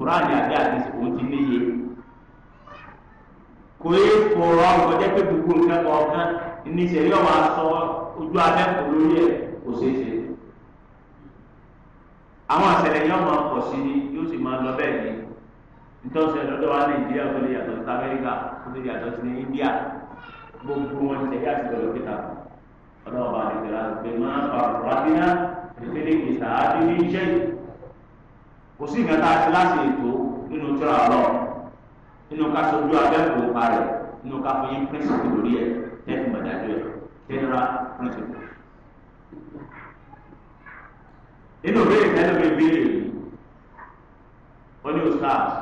kuraani àti àdìsí òun ti níye kò yé fòrò àwọn ọjọ́ pé gbogbo nǹkan kọ̀ọ̀kan ní ìṣẹ̀lẹ̀ ọmọ asọ ojú abẹ́kọ̀ọ́ lórí ẹ̀ kò ṣeé ṣe àwọn àṣẹlẹ̀ yẹn máa pọ̀ sí ni yóò sì máa lọ bẹ́ẹ̀ ni nítorí ṣẹlẹ̀ lọ́dọ̀ wa Nàìjíríà tó lè yàtọ̀ sí Amẹ́ríkà tó lè yàtọ̀ sí ní India gbogbo wọn ṣe yá sí lọ́dọ̀ kíta ọlọ́wọ́ bá a lè tẹ̀lé àgbẹ̀ ìfẹ́lẹ́ ìṣàádìní iṣẹ́ kò sí ìgbà tá a ti láti ètò nínú tíra ọlọ nínú ká sojú abẹ́kọ̀ọ́ pa rẹ̀ nínú ká fún yín píríncípù lórí ẹ̀ tẹ́kù mọ̀dájú ẹ̀ general principle. nínú ìbéèrè tẹ́lẹ̀ mi béèrè wọ́n ní ostars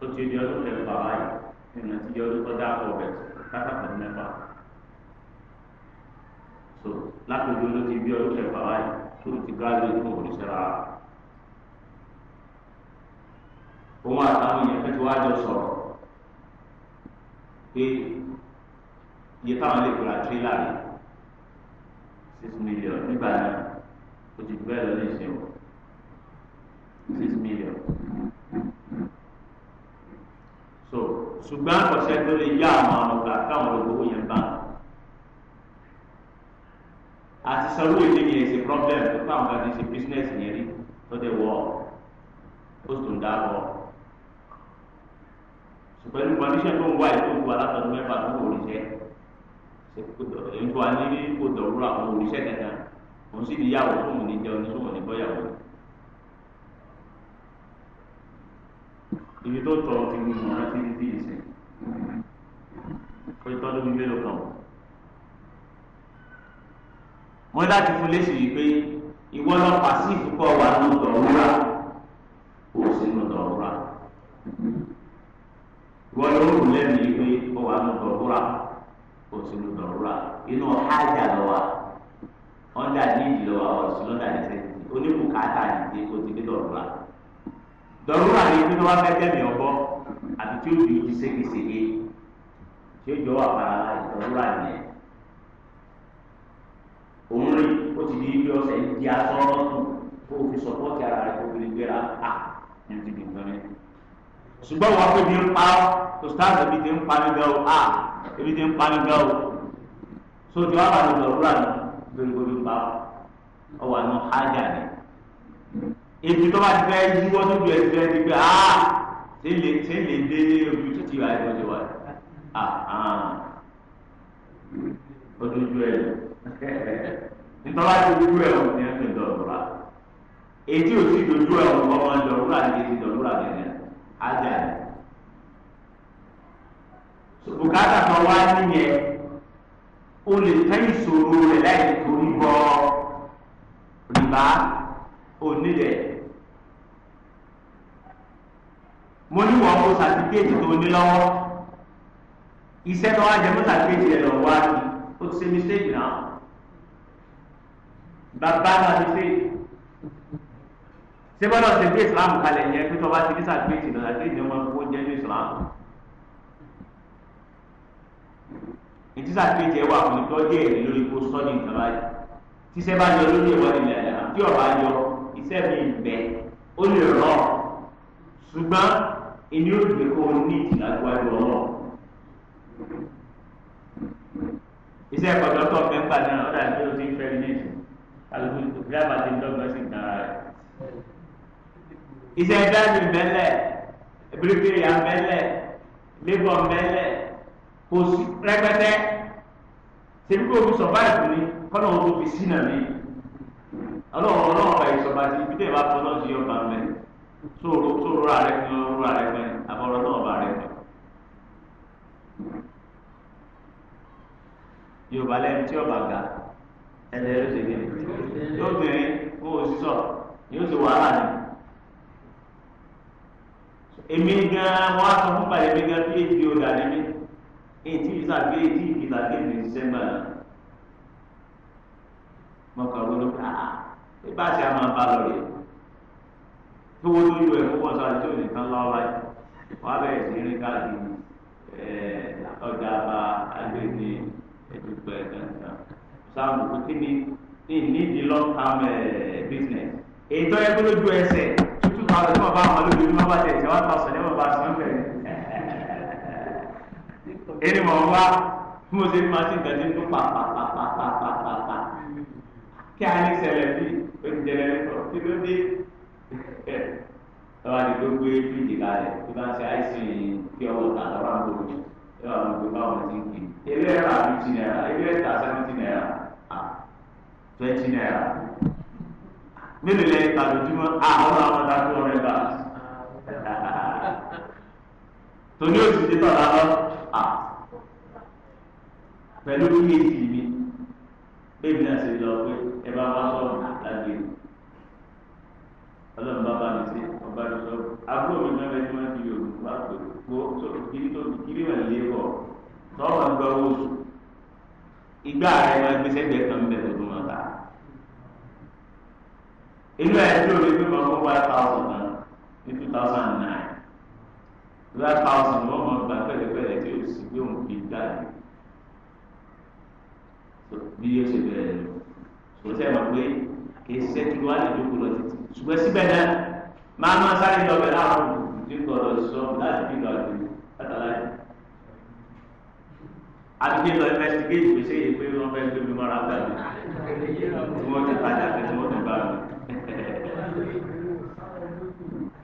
ó ti di ọdún kẹrin bàbá yìí nínú di ọdún kọjá ọbẹ̀ kátàkùn mẹ́fà so lápẹjọ ló ti bí ọdún kẹrin bàbá yìí tó ti gáàlì tó òrìṣẹ́ rà á. òun àtàwọn èèyàn fẹ́ ti wá jọ sọ̀rọ̀ pé iye táwọn lè gbọ́ra tírélà rẹ̀ six million nígbà náà ó ti bẹ́ẹ̀ lọ ní ìsìn six million so ṣùgbọ́n àkọsẹ́ tó lè yá àwọn ọ̀gá káwọn olùkówó yẹn bá àti sanwó èdè yẹn ṣe problem tó fáwọn kan ti ṣe business yẹn rí tó dé wọ́ ó tún dá wọ́ pẹ̀lú kọ́ndíṣẹ̀ tó ń wá ètò ìlú alátọ́jú mẹ́fà ló wò oríṣẹ́ èyí tó wà ní kò dọ̀rọ̀ àwọn oríṣẹ́ kankan òun sì níyàwó fún òun ní jẹun ní sóhun ní bọ́yàwó. ibi tó tọ̀ ti mú un rántí ní bí ìsìn kó tọ́ lómi mélòó kan. wọ́n láti fún lésì yìí pé ìwọ lọ pàṣípù kọ́ wa ní dọ̀rọ̀ òsínú dọ̀rọ̀ wọ́n yóò rú lẹ́nu yìí pé ó wà nù dọ̀rúra ó sì nù dọ̀rúra inú hájà lọ́wọ́ ọ̀dà níìdì lọ́wọ́ ọ̀sì lọ́dà ẹ̀sẹ̀ oníbùkátà nìyí kó ti dé dọ̀rúra dọ̀rúra ni bí wọ́n fẹ́ tẹ̀mí ọgbọ́ àti tí ó di ojú ségesège tí ó jọ wà para dọ̀rúra nìyẹn òun rí ó ti di ibi ọ̀sẹ̀ ń di asọ́rọ́ tù kó fi sọ̀pọ̀tì ara rẹ̀ kó fi gbéra a ah, ní ti dùn fún ṣùgbọ́n wọn pé mi ń pa ọ́ ustaz ebi ti ń ní gan o a ti ń ní gan so ti wá balẹ̀ lọ́rùrà ni lórí gbogbo pa ọ wà hájà ni ètò tó bá ti fẹ́ yíwọ́ tó ju ẹsẹ̀ ti gbé a ṣe lè ṣe lè dé ojú títí wa ẹ̀rọ ti wà ó dojú ẹ̀ nítorí wọ́n ti dojú ẹ̀ wọ́n ti ń pè lọ́rùrà ètò òsì dojú ẹ̀ wọ́n kọ́ mọ́ lọ́rùrà ni kì í ti lọ́rùrà nìyẹn ajali bùkátà kan wá nìyẹn o lè fẹ́ ìṣòro rẹ̀ láì torí bọ́ rìbá onílẹ̀ mo ní wọ́n kó sàtífíkẹ́tì tó ní lọ́wọ́ iṣẹ́ tó wá jẹ mọ́ sàtífíkẹ́tì rẹ̀ lọ́wọ́ wá o ti ṣe mistake náà bàbá náà ti ṣe sẹ́gbọ́n ọ̀sẹ̀ bí islam kalẹ̀ yẹn pé tọ́ba ti ní sàkíyèsí lọ́la tí ènìyàn máa gbowó jẹ́ ní islam. ètí sàkíyèsí ẹ wà fún ìtọ́ jẹ́ èrè lórí kó sọ́ ní ìtàlá yìí tíṣẹ́ bá yọ lórí ìwà ilẹ̀ àyà tí ọ̀bá yọ iṣẹ́ mi ń bẹ ó lè rọ̀ ṣùgbọ́n èmi ò gbé kó ní ìtìlágbájú ọlọ́ iṣẹ́ ìpàdọ́tọ̀ mẹ́fà náà ọ̀dà ìgbéró ti ń fẹ́ ní ìsìn alùpùpù gírámà ti ń dọ́gba sí ìtara rẹ̀ iṣẹ́ dání mẹ́lẹ̀ bíríkìlìyà mẹ́lẹ̀ lébọ̀ mẹ́lẹ̀ kò sí rẹpẹtẹ ṣèbí kò fi sọ̀báìfù ni kọ́nà wọn tó fi sínà mi ọlọ́run ọlọ́run ọba ìṣọba ti ibi tẹ́ ẹ bá fọ́ náà ṣe ọba mẹ́ sóòrò sóòrò ààrẹ fún ọrọ̀ ààrẹ fún abọ́rọ̀ náà ọba ààrẹ fún. yorùbá lẹ́nu tí ọba ga ẹ̀ẹ́dẹ́rẹ́ ṣe kéde yóò bẹ̀rẹ̀ kó o sì yóò ṣe wàhálà ni. èmi gan wọn á sọ fún bàyẹ̀ mi gan phd ọ̀dà ni mí ètí ìsàgbé ètí ìgbìlàgbé mi ṣiṣẹ́ mọ́ ẹ̀ mọ̀kànló ló ká ah, tí a máa bá lọ rè tó wọ́n lójú ẹ̀ fún wọn sáré tó nìkan lọ́wọ́ báyìí wọ́n á bẹ̀rẹ̀ sí rìn ọjà bá agbègbè ẹ̀dùgbẹ́ kankan sáàmù kí ni ní lójú ẹsẹ̀. ìtura rẹ̀ tí wọ́n bá wọn lójú ní wọ́n bá tẹ̀ ṣe wọ́n ta sọ̀rọ̀ wọn bá sọ bẹ̀rẹ̀. Èrè mọ̀ wá bí mo ṣe máa ti gbẹ̀dẹ̀ tó pàpàpàpàpàpà. Kí a ní ṣẹlẹ̀ bí oníjẹlẹ̀ lẹ́kọ̀ọ́ kí ló dé? Tọ́wá ni tó gbé fíjì kalẹ̀ ah, tó bá ṣe àìsàn yìí kí ọmọ tà lọ́wọ́ àgbòrò yóò àwọn gbé báwọn ti ń kì Ilé ẹ̀rọ àbíjì náírà, ilé ẹ̀ta sẹ́mìtì náírà, twenty náírà. Mélòó lẹ́yìn tàbí jùmọ̀ àwọn tòní òsì ti tọ̀lá lọ à pẹ̀lú kíyè sí mi bẹ́ẹ̀ náà ṣe lọ pé ẹ bá wá sọ̀rọ̀ àtàgbé ọlọ́run bá bá mi sí ọba mi sọ àbúrò mi náà bẹ́ẹ̀ tí wọ́n ti yọ òkú wá pé kó sọ̀rọ̀ kiri tó ti kiri wà lé bọ̀ sọ̀rọ̀ ń gbọ́ oṣù ìgbà rẹ̀ máa gbé sẹ́gbẹ̀ẹ́ kan bẹ̀rẹ̀ lọ́dún wọn ta inú ẹ̀ tí o lè gbé mọ́ fún one thousand náà ní two thousand nine twelve thousand wọ́n mọ̀ gbà pẹ̀lẹ́pẹ̀lẹ́ tí o sì gbé òun fi gbà yìí bí yóò ṣe bẹ̀rẹ̀ lọ sòtò ẹ̀ mọ̀ pé kì í ṣe kí wọ́n á lè dúkú lọ títí ṣùgbọ́n síbẹ̀ náà máa máa sáré lọ bẹ̀rẹ̀ àwọn olùdíkọ̀ lọ sọ láti bí lọ àti látàlá yìí àdúgbò lọ investigate gbèsè yìí pé wọ́n fẹ́ gbé mi mọ́ra gbà tí wọ́n ti padà pé tí wọ́n ti bá mi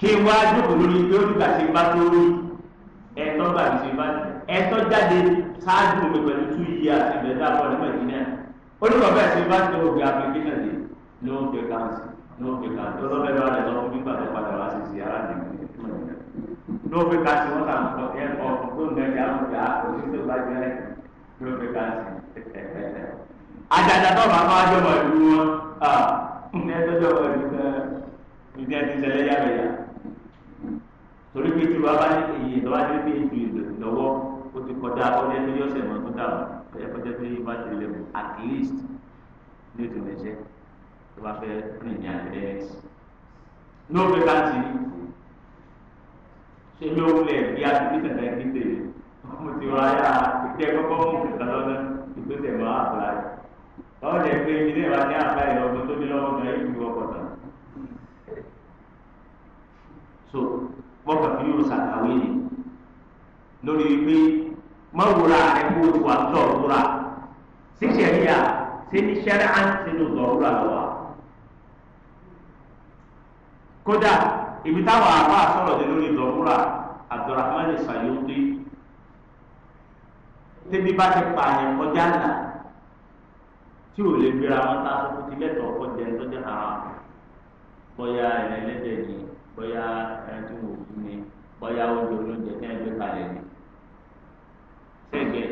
kí n wá jókòó lórí pé ó nígbà tí n bá tó rí ẹ̀tọ́ gbà tí n bá ẹ̀tọ́ jáde ṣáájú mi pẹ̀lú two years ìbẹ̀dá pọ̀ ní nàìjíríà ó ní bàbá ẹ̀sìn bá ti ògbé application yìí ló ń gbé káàsì ló ń gbé káàsì ó lọ́bẹ̀ lọ́wọ́ rẹ̀ lọ́wọ́ nígbà tó padà wá sí sí ara nìyí ló ń gbé káàsì wọ́n kà ń kọ́ ẹ̀ ọ̀ tó ń gbẹ̀jà ń gbà òṣìṣẹ́ tó bá jẹ́ ló ń gbé káàsì àjàjà torí pé tí wàá bá ní èyí ìlọ́wọ́ adé bí ìlú ìlọ́wọ́ ó ti kọjá ọdẹ tó yọ ọ̀sẹ̀ mọ́ tó dà wọ́n ẹ̀yẹ kọjá tó yẹ bá ti lẹ̀ mọ́ at least ní ètò ìrẹsẹ̀ tó bá fẹ́ rìn ní àlẹ́ ẹ̀ ní òfé láti ṣe ní òwúlẹ̀ bí a ti ní tẹ̀lé ní tèlé mo ti wá yá ìtẹ́ kọ́kọ́ mú kẹta lọ́nà ìgbésẹ̀ mọ́ àbúrà yìí lọ́wọ́ dẹ̀ pé ilé wa ní àbá ìlọ́gbọ́n tó ní lọ́wọ́ náà yìí ju ọkọ̀ náà mọ́kàn fi yóò ṣàkàwé ni lórí pé mọ́wúra rẹ̀ kó o wà lọ́ọ̀dúnra ṣíṣe ẹ̀yà ṣe ní ṣẹ́rẹ́ á ń ṣe ní ọ̀dọ̀ọ̀dúnra lọ́wọ́ kódà ibi táwọn àbá sọ̀rọ̀ dé lórí ìdọ̀rúra Abdulrahman Sayuti tẹ́bí bá ti pààyàn kọjá ńlá tí ò lè gbéra wọn tá a sọ fún ti lẹ́tọ̀ọ́ kọjá ẹ̀ tọ́jú bọ́yá ẹ̀rẹ́lẹ́dẹ̀ẹ́ yìí bóyá ẹni tí wọn ò fún ni bóyá oúnjẹ olóúnjẹ tí wọn gbé kalẹ̀ ni. sẹ́gẹ̀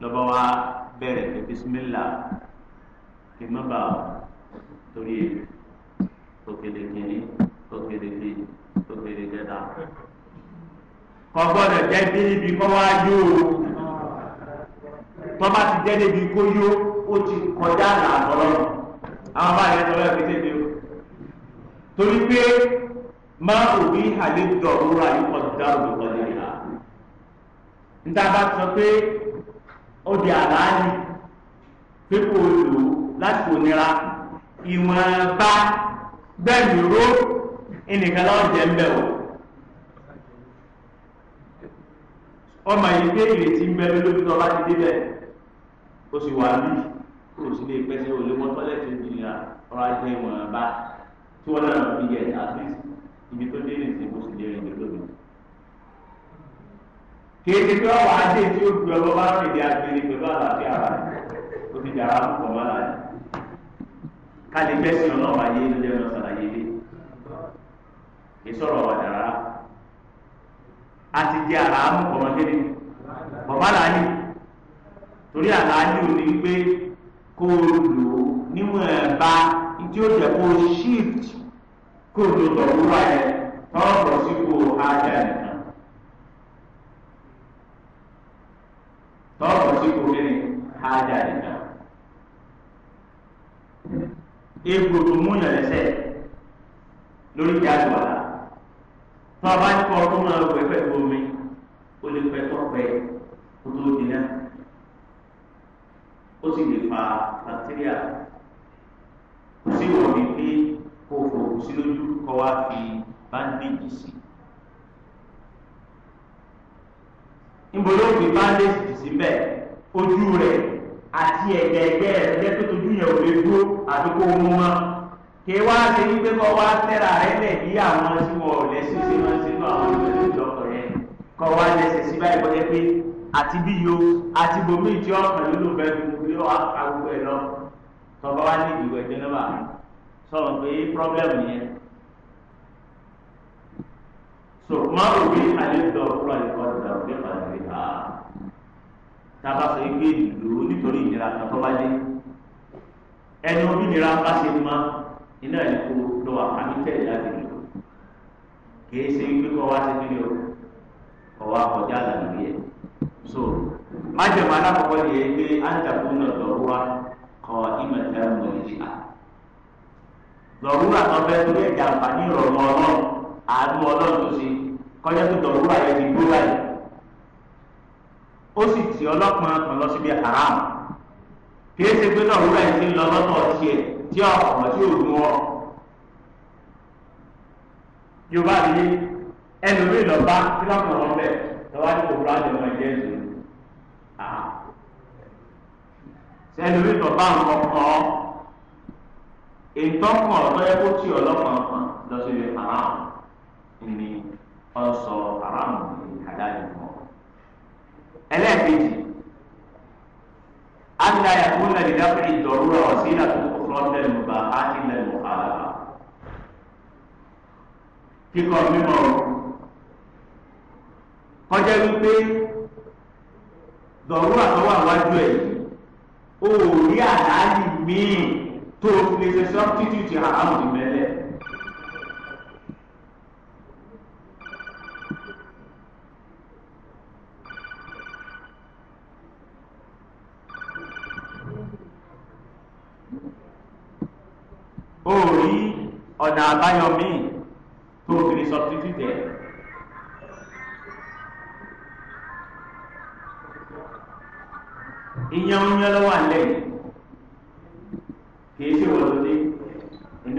lọ́ba wa bẹ̀rẹ̀ pé bisimilá kì í má bà ọ́ torí èyí tòkèdè kìíní tòkèdè kejì tòkèdè kẹta. kọ́ gbọ́dọ̀ jẹ́ bí ibi kọ́ wá yó o tọ́ba ti jẹ́ débi kó yó ó ti kọjá àlà àtọ́lọ́run àwọn bá yẹn tọ́lọ́ ẹ̀ fi tètè o torí pé máa ò rí àlè dọ̀rọ̀rọ̀ àyíkọ̀ dárò lọ́dẹ̀ yìí hàn. níta bá sọ pé ó di àlàáyé pé kò lò láti onira ìwọ̀nba bẹ́ẹ̀ni ró ẹnìkan lọ́wọ́ jẹ́ ń bẹ̀ wọ̀. ọmọ yìí pé ìrètí ń bẹ lórí tó bá ti débẹ̀ ó sì wà bí kò sí lè pẹ́ sí olómọ́tọ́lẹ́tì ìdìyà ọ̀rọ̀ ajé ìwọ̀nba tí wọ́n náà fi yẹ at ibi tó dé nìsín bó sì lérí ibi tó dé. kéde pé ọwọ́ adé tí ó gbé ọgbọ́n bá rìn dé agbèrè pẹ̀lú àlàáfíà rẹ̀ ó ti dàrá púpọ̀ mọ́ láyé. kálí bẹ́sì ọlọ́wọ́ ayé ló jẹ́ ọ̀nà sàlàyé lé. ìsọ̀rọ̀ wà dàrá. a ti jẹ́ àrà púpọ̀ mọ́ kéde. bọ̀bá láyé torí àlàájú ni pé kó o lò níwọ̀n ẹ̀ bá tí ó jẹ́ kó o shift kó o tó tọ̀ wúwa yẹn wọ́n bọ̀ sípò ájà nìkan. tọ́ọ̀bù sí kò ní hájà nìkan. egbò tó mú yàn lẹ́sẹ̀ lórí ìjà àgbà tó a bá ń kọ́ tó máa wẹ̀ pẹ̀lú omi ó lè pẹ́ tó kó tó di náà ó sì lè fa bacteria kò sí wọ̀nyí pé kò sí lójú kọ́ wá fi bandage sí. níbo ló fi bandage sí bẹ́ẹ̀ ojú rẹ̀ àti ẹ̀jẹ̀ ẹgbẹ́ rẹ̀ jẹ́ tó tojú yẹn ò lè dúró àti kó mú wọn. kí wá ṣe wípé kọ́ wá tẹ́ra rẹ̀ lẹ̀ bí àwọn tí wọ́n ò lẹ́sìn sí wọn sínú àwọn ìgbẹ́lẹ́ ìjọkọ̀ yẹn kọ́ wá lẹ́sẹ̀ sí báyìí bọ́lẹ́ pé àti bíyo àti bòmíì tí ọkàn nínú bẹ́ẹ̀ ni mo fi lọ́wọ́ àwùjọ ẹ̀ lọ tọ́ba wá ní ìdìbò ẹ̀jẹ̀ náà sọ̀rọ̀ pé pọ́blẹ́mù yẹn so má wò wí àlejò ọ̀pọ̀lọpọ̀ ìkọ́ ìgbà òkè pàdé ha tába sọ pé ìlú nítorí ìnira kan tó bá dé ẹni omi nira bá ṣe má iná ẹ̀ kó lọ àmì tẹ̀lé láti lò kìí ṣe wípé kọ́ wá sí nílò kọ́ wá àlàyé yẹn so májèmọ́ alákọ̀ọ́kọ́ yẹ pé àǹtàkùn náà lọ́wọ́ kọ́ ìmọ̀ta mọ̀ ìlú àti lọ́rùú àtọ́fẹ́ tó yẹ jàǹfà ní ìrọ̀rùn ọlọ́run àánú ọlọ́run tó ṣe kọjá tó lọ́rùú àyẹ ti gbó báyìí ó sì tì ọlọ́pàá kan lọ síbi haram kì í ṣe pé lọ́rùú àyẹ ti ń lọ lọ́tọ̀ tiẹ̀ tí ọ̀pọ̀ tí ò mú ọ. yorùbá mi ní ẹnu mi lọ bá kí lọ́kàn lọ bẹ̀ lọ́wọ́ àti òkúra àti ọmọ ìjẹ́ ìṣòro. ẹnu mi lọ bá nǹkan kan ìtọ́kàn lọ́yẹ kó tí ọlọ́kàn kan lọ sí ilé haram ni ọ̀sọ̀ haram ní àdáyé mọ́. ẹlẹ́ẹ̀kejì àtàyà tó lẹ̀ ní dáfẹ́ ìdọ̀rúra ọ̀sí ìdàtò fúlọ́tẹ̀ lùbà àti ilẹ̀ mọ̀hálà. kíkọ mímọ́ kọjá wípé dọ̀rúra tó wà wájú ẹ̀ o ò rí àdáyé míì tó o fi lè ṣe substitute haramu ìmẹ́lẹ́. o rí ọ̀nà àbáyọ míì tó o fi lè substitute ẹ̀. ìyẹn ń yẹn lọ́wọ́ àlẹ́ yìí.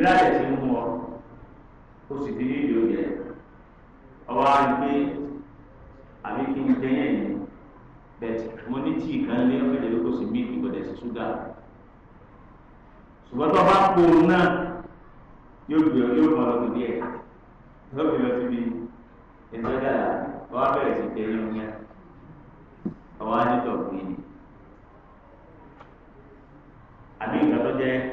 bíláàdì ti mú ọ o sì di nídìí oúnjẹ ọwọ́ á àbí kí n jẹ yẹn ni bẹ́ẹ̀ mo ní tíì kan lé ọmọ ìdílé kò sí mílìkì gbọ́dọ̀ sí ṣúgà ṣùgbọ́n tó bá kó o náà yóò gbé ọ yóò mọ ọdún díẹ̀ yóò gbé lọ síbi ìtọ́jà ọwọ́ bẹ̀rẹ̀ sí jẹ yẹn yẹn ọwọ́ á ní ni àbí ìgbà tó jẹ́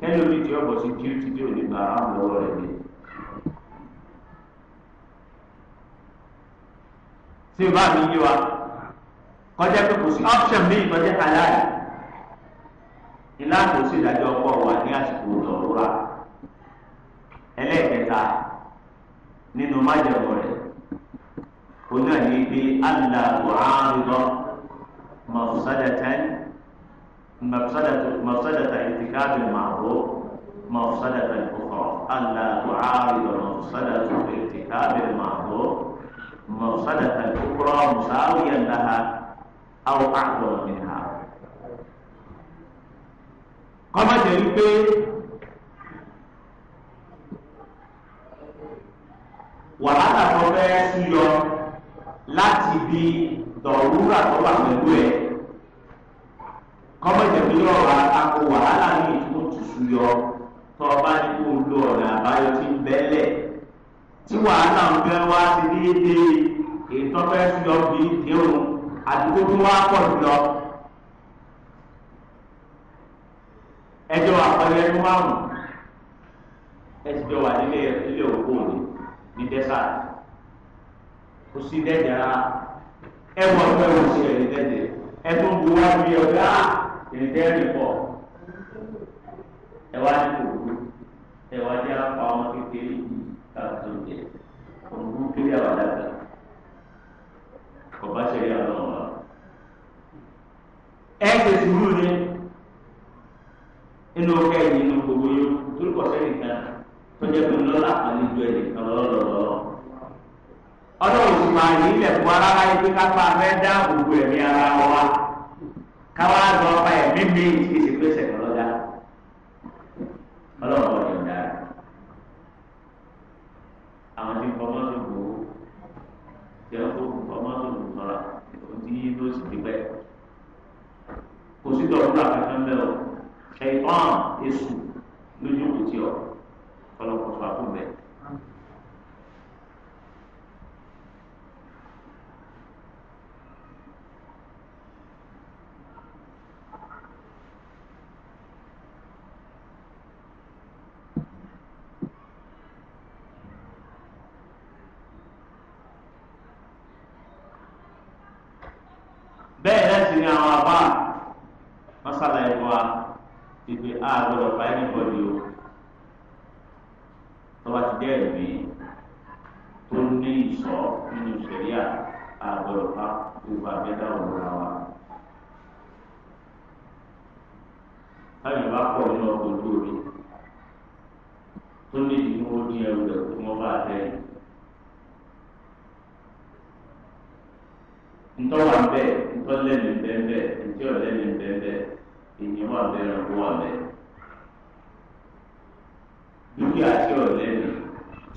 kẹ́lómi tí ọ̀bọ̀ sí kíútì tí ò ní gba àwọn lọ́wọ́ rẹ̀ ni. tí o bá mi yé wa kọjá pé kò sí option mi kọjá aláì ilá kò sí ìdájọ́ ọkọ wa ní àsìkò ìdọ̀rọ̀ra ẹlẹ́ẹ̀kẹta nínú májẹ̀mọ̀ rẹ̀ onáà ní pé alàgbọ̀ àrùn lọ mọ̀ مفسدة مفسدة ارتكاب المعروف مفسدة أخرى ألا تعارض مفسدة ارتكاب المعروف مفسدة أخرى مساويا لها أو أعظم منها kọ́má jẹ́ wípé wàhálà tó fẹ́ súyọ láti bí dọ̀rúrà tó wà pẹ̀lú ẹ̀ kọ́mọ ìjẹ̀bi yọ̀ wá tako wàhálà ní ìtumọ̀ tùsù yọ tó ọba ní kó o lo ọ̀nà àbáyọ tí ń bẹ́lẹ̀ tí wàhálà ń bẹ́ wá sí déédéé ètò ọ̀fẹ́ sùn yọ bí ìdíhùn àdúgbò tó wá pọ̀ jùlọ. ẹjọ́ àpẹẹrẹ ẹni márùn ẹ ti jọ wà nílé ilé òkú òní ní dẹ́sà kò sí dẹ́jẹ̀ ẹ wọ ọgbẹ́ òṣèlú dẹ́jẹ̀ ẹ tó ń bu wá bí ọgbẹ́ ìrìndẹ́rì pọ̀ ẹ wá ní òwú ẹ wá jẹ́ apá ọmọ kékeré yìí káàtó jẹ òwú kéré ọba ṣẹlẹ̀ àwọn ọmọ ẹ ṣe sùúrù ni inú ọkẹ yìí inú gbogbo yóò torí sẹ́yìn kan tó jẹ́ àlejò ọlọ́run máa yí pé ká ẹ̀mí ara wa. káwá lọ ọba ẹ̀ mímí ìṣèṣe pé ṣẹ̀kọ́ lọ́dá ọlọ́run ọ̀dọ̀ ọ̀dá àwọn tí fọmọ́ tó gbò ó tí wọ́n tó fọmọ́ tó gbò sọ́ra òun ti yí tó sì dípẹ́ kò sí dọ̀rọ̀ àkàkàn bẹ́ẹ̀ o ṣe ọ̀hún èṣù lójú kò tí ọ ọlọ́kọ̀ọ́ fà fún bẹ́ẹ̀. àgbọ̀dọ̀ pa ẹnìbọ̀dì o tọ́ba ti dẹ́ ẹ̀mí tó ní ìsọ́ nínú sẹ̀ríà àgbọ̀dọ̀ pa gbogbo abẹ́dá òwúra wa. táyà bá pọ̀ nínú ọkọ̀ ojú omi tó ní ìdíwọ́ ní ẹrù rẹ̀ kí wọ́n bá tẹ̀ ẹ́. ntọ́wà bẹ́ẹ̀ ntọ́lẹ́mì bẹ́ẹ̀ bẹ́ẹ̀ ntí ọ̀lẹ́mì bẹ́ẹ̀ bẹ́ẹ̀ ènìyàn wà bẹ́ẹ̀ ẹ̀rọ wà bẹ́ẹ̀ dúkìá tí ò lẹ́nu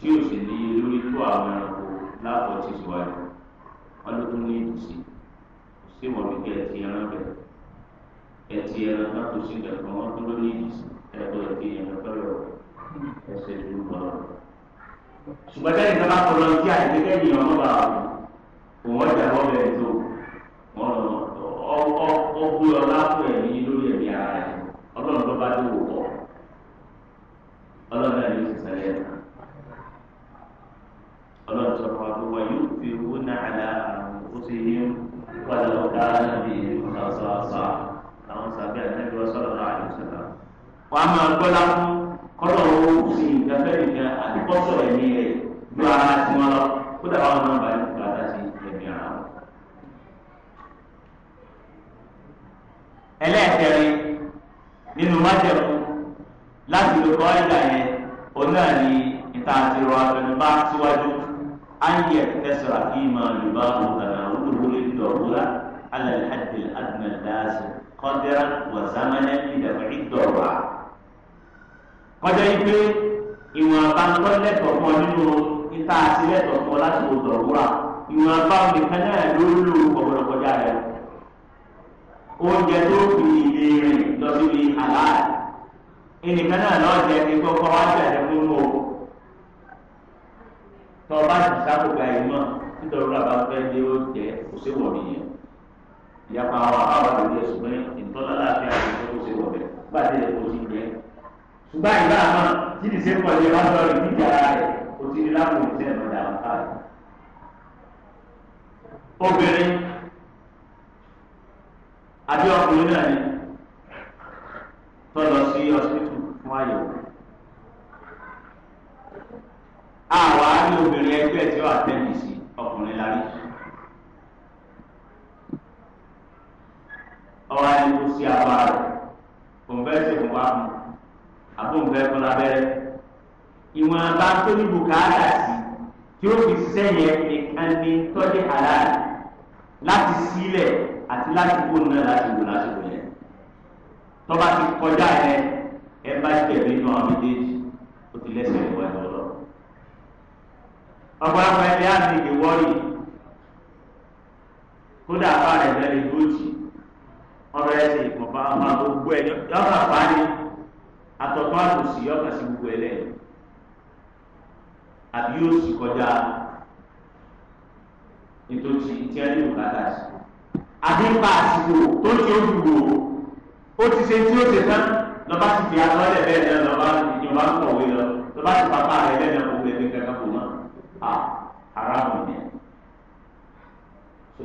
tí ò sì ní lórí tó àwọn ẹranko lápò ti síwájú wọn ló tún ní ìdùsí kò sí wọn wípé ẹtì ẹran bẹ ẹtì ẹran bá kò sí ìdàgbọ́n wọn tó ló ní ìdùsí ẹgbẹ́ ẹtì ẹran tọ́lọ̀ ẹsẹ̀ ìlú lọ́rọ̀. ṣùgbọ́n tẹ́lẹ̀ ìjọba kọ lọ sí àìsíkẹ́ yìí ọmọ bá òun ọjà lọ́bẹ̀ẹ́ tó ọgbó ọlá fún ẹ̀mí ọlọ́run náà yóò sàlẹ̀ ẹ̀ náà ọlọ́run sọ fún wa pé wọ́n yóò fi owó náà àlà àrùn ó sì yí wàlẹ̀ ọ̀gá níbi ìmọ̀sọ̀ọ̀sọ̀ àwọn sàbẹ̀ àti ọ̀sọ̀rọ̀ náà yóò sọ̀rọ̀. wàá máa gbọ́dá fún kọ́lọ̀ owó sí ìgbàfẹ́ nìkan àti ẹ̀mí rẹ̀ ju ara tí wọ́n lọ kó dàbà wọn náà bá nípa àtàtì ẹ̀mí ara wọn. ẹlẹ́ẹ̀kẹrin nínú májẹ̀mú láti lo kọ́ńdà yẹn òun náà ni ìta àti ìrọ̀ àtẹnubá síwájú ayé ẹ̀kẹ́sọ̀rọ̀ kí máa lù bá òkàrà olùwọlé dọ̀rọ̀lá alẹ́ àdìl àdìmẹ̀dáàsì kọ́dẹ́rà wà sámánẹ́ ìdàgbàrí dọ̀rọ̀ kọjá yìí pé ìwọ̀n àbáńkọ́ lẹ́tọ̀ọ́ kan nínú ìta àti lẹ́tọ̀ọ́ kan láti wò dọ̀rọ̀lá ìwọ̀n àbáwọn náà ló ń lò kọjá rẹ̀ oúnjẹ tó fi ìlé rìn lọ ẹnìkan náà lọ́ọ́ jẹ ẹni gbọ́ kọ́ wá jàdé múlò o tọ́ ọ bá sì sákòkò àyè mọ́ nítorí bàbá fẹ́ lé ó jẹ kó ṣe wọ̀ nìyẹn ìyapa wa àwọn àlejò ẹ̀sùn mẹ́rin ìtọ́lá láti àyè tó ṣe wọ̀ bẹ́ẹ̀ bá dé ẹ̀kọ́ ti jẹ ṣùgbọ́n àyè náà mọ̀ tí ti ṣe pọ̀ lé wá sọ̀rọ̀ ìdíje ara rẹ̀ kò ti rí lápò ìṣẹ́ ìmọ̀dà àbáyé. obìnrin àbí ọkùnrin náà ni tọ́lọ sí ọ̀sìn fún àyẹ̀wò. àwa ní obìnrin ẹgbẹ́ tí ó àtẹ̀lé sí ọkùnrin lárí. ọ̀rọ̀ ẹni tó sí apá rẹ̀ kò ń fẹ́ ṣèkùn wá fún àbóǹ fẹ́ fún lábẹ́rẹ́. ìwọ̀n àbá tó ní bùkátà sí tí ó fi sẹ́yìn nìkan ní tọ́jú àlàyé láti sílẹ̀ àti láti kó náà láti wò lásìkò yẹn. tọ́ba ti kọjá yẹn ẹ bá tẹ̀lé inú àwọn méjèèjì ó ti lẹ́sẹ̀ ìwà ẹ̀ lọ. ọ̀pọ̀lọpọ̀ ẹni á ní ìdí wọ́ọ̀rì kódà apá rẹ̀ lẹ́nu ìgbòjì ọ̀rọ̀ ẹsẹ̀ ìkọ̀ọ̀bá ọmọ gbogbo ẹ̀ yọ̀ọ̀kà parí àtọ̀tọ̀ àtòsí yọ̀ọ̀kà sí gbogbo ẹ̀ lẹ́yìn àbí yóò sì kọjá nítorí tí ẹni ò bàtà sí. àbí pa àsìkò tó ti ó dùgbò ó ti ṣe tí ó ṣe tán lọ́ba ti fi aṣọ lẹ̀ bẹ́ẹ̀ náà lọ́ba ìjọba ń kọ̀wé lọ lọ́ba ti papá rẹ̀ bẹ́ẹ̀ náà kò lè kẹ́kẹ́ kó mọ́ a ara mọ̀ ní.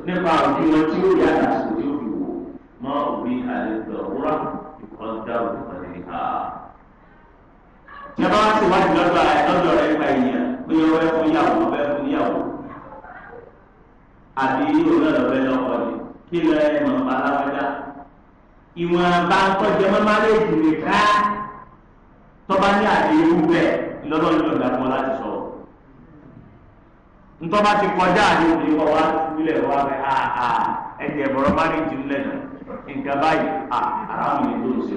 nípa òbí wọn tí ó yà dà sí ojú òbí wò mọ òbí àlejò rúra ìkọ́ dá òbí kan lè ha. ìjọba wá sí wájú lọ́dọ̀ lọ́dọ̀ rẹ̀ nípa ènìyàn pé ó fẹ́ fún ìyàwó ó fẹ́ fún ìyàwó àbí òun náà lọ́ ìwọ̀n bá ń tọ́jú ọmọ máa lè dùn ká tọ́ba ní àdéhùn bẹ́ẹ̀ lọ́dọ̀ yóò gbà fún ọ láti sọ. ntọ́ba ti kọjá àdéhùn yìí wọ́n wá nílẹ̀ wá pé àà ẹ̀jẹ̀ bọ̀rọ̀ máa ní jù lẹ́nu nǹkan báyìí à ara mi ló ń ṣe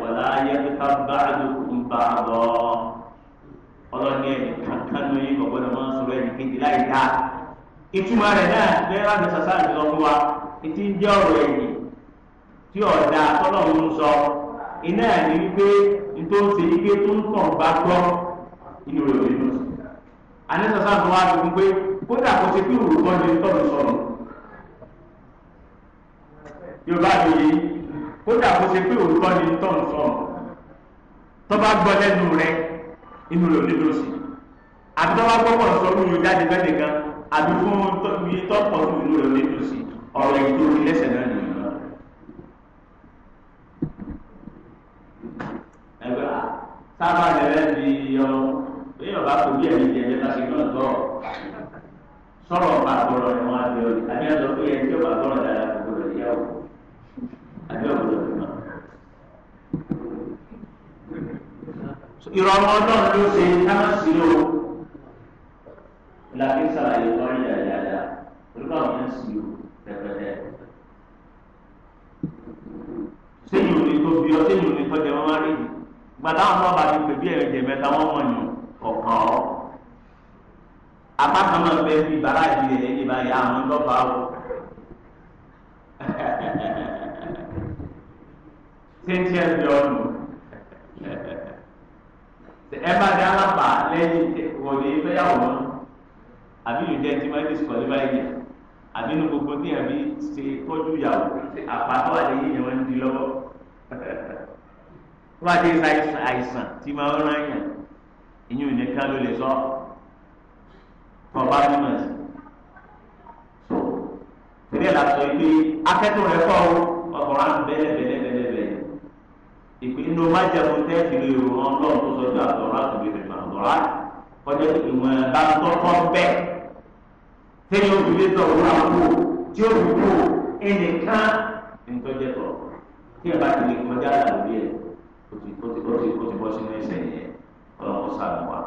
wàlá ayé ká bá àdókùn bá a bọ̀ ọlọ́ni ẹ̀ kankan ní ọgbọ́dọ̀ máa ń sọ̀rọ̀ ẹ̀ kejì láì dá ìtumọ̀ rẹ̀ náà ìtí ń jẹ́ ọ̀rọ̀ ẹ̀yìn tí ọ̀dà tọ́lọ́run ń sọ iná ẹ̀ ní wípé nítorí ṣe ike tó ń tàn bá gbọ́ inú rẹ̀ òbí nù. àníṣàṣà tó wá tuntun pé kódà kò ṣe kí òrùkọ́ ni tọ́lù sọ̀rọ̀ yorùbá mi yìí kódà kò ṣe pé òrùkọ́ ni tọ́lù sọ̀rọ̀ tọ́ba gbọ́ lẹ́nu rẹ̀ inú rẹ̀ òbí nù sí àbí tọ́ba gbọ́ pọ̀ sọ́kùnrin jáde fẹ́ nìkan àbí fún iye tọ́pọ̀ nínú rẹ̀ òbí sí ọ̀rọ̀ ìlú lẹ́sẹ̀ náà nìyí. ẹgbẹ́ sábà lẹ́rẹ́ di ọ èèyàn bá kó bí ẹ̀mí di ẹ̀jẹ̀ láti náà tọ̀ sọ̀rọ̀ bá gbọ́rọ̀ ni wọ́n á di ọ̀rẹ́ àbí ọ̀dọ́ pé ẹni tí ó bá gbọ́rọ̀ dára kò gbọ́dọ̀ yíyàwó àbí ọ̀gbọ́dọ̀ fún wọn. ìrọ̀mọ́ náà ló ṣe támásì o làbí sàlàyé wọn rí dáadáa olùkọ́ àwọn ẹ̀ sí o rẹpẹtẹ sẹ́yìn òní tó bí ọ sẹ́yìn òní tó jẹ mọ́ máa rí gbàdá àwọn ọba ti pè bí ẹ̀rọ jẹ mẹ́ta wọ́n mọ̀ yàn kọ̀ọ̀kan ọ́ apá kan náà bẹ́ẹ̀ fi bàrà ìdílé lẹ́yìn báyìí àwọn ọ̀dọ́ bá wọ̀ tẹ́tíẹ́ bí ọ̀nù ẹ bá dé alápá lẹ́yìn wọ̀nyí fẹ́yàwó àbí yìí jẹ́ tí wọ́n ti sọ̀rọ̀ báyìí àbí inú gbogbo tí yẹn fi ṣe tọ́jú ìyàwó àpàtọ́ àdéhìí yẹn wọ́n ń di lọ́wọ́ tó bá dé àìsàn tí máa ń rán yàn ìyún nìkan ló lè sọ tó bá mímọ̀ sí so torí ẹ̀ lásán yìí pé akẹ́tọ̀ rẹ̀ kọ́ ọkùnrin àti bẹ́ẹ̀ bẹ́ẹ̀ bẹ́ẹ̀ bẹ́ẹ̀ ìpinnu ló má jẹ́ fún tẹ́ẹ̀tì lè rò wọn lọ́run tó sọ́jú àtọ̀rọ̀ àtọ̀rọ̀ àtọ̀rọ̀ àtọ̀rọ̀ kọjá ìwọ̀n bá tọ́kọ́ bẹ́ẹ̀ tẹ́lẹ̀ òbílẹ̀ tọ̀ wọ́n àpò tí ó wù kú ẹnìkan ntọ́jẹ́ tọ̀ tí ẹ bá ti lè kọjá àlàbí ẹ̀ o ti o ti o ti o ti bọ́ sínú ẹsẹ̀ yẹn ọlọ́run sàánú wa.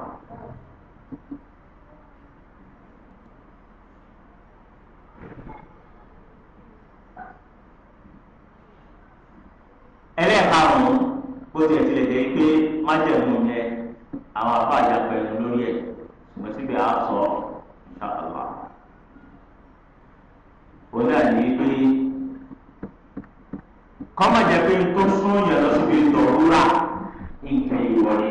ẹlẹ́ẹ̀karùn-ún bó tiẹ̀ tilẹ̀ jẹ́ pé májẹ̀mú pé tó sún yàn lọ síbi ìdọ̀rúra nǹkan ìwọ̀ ni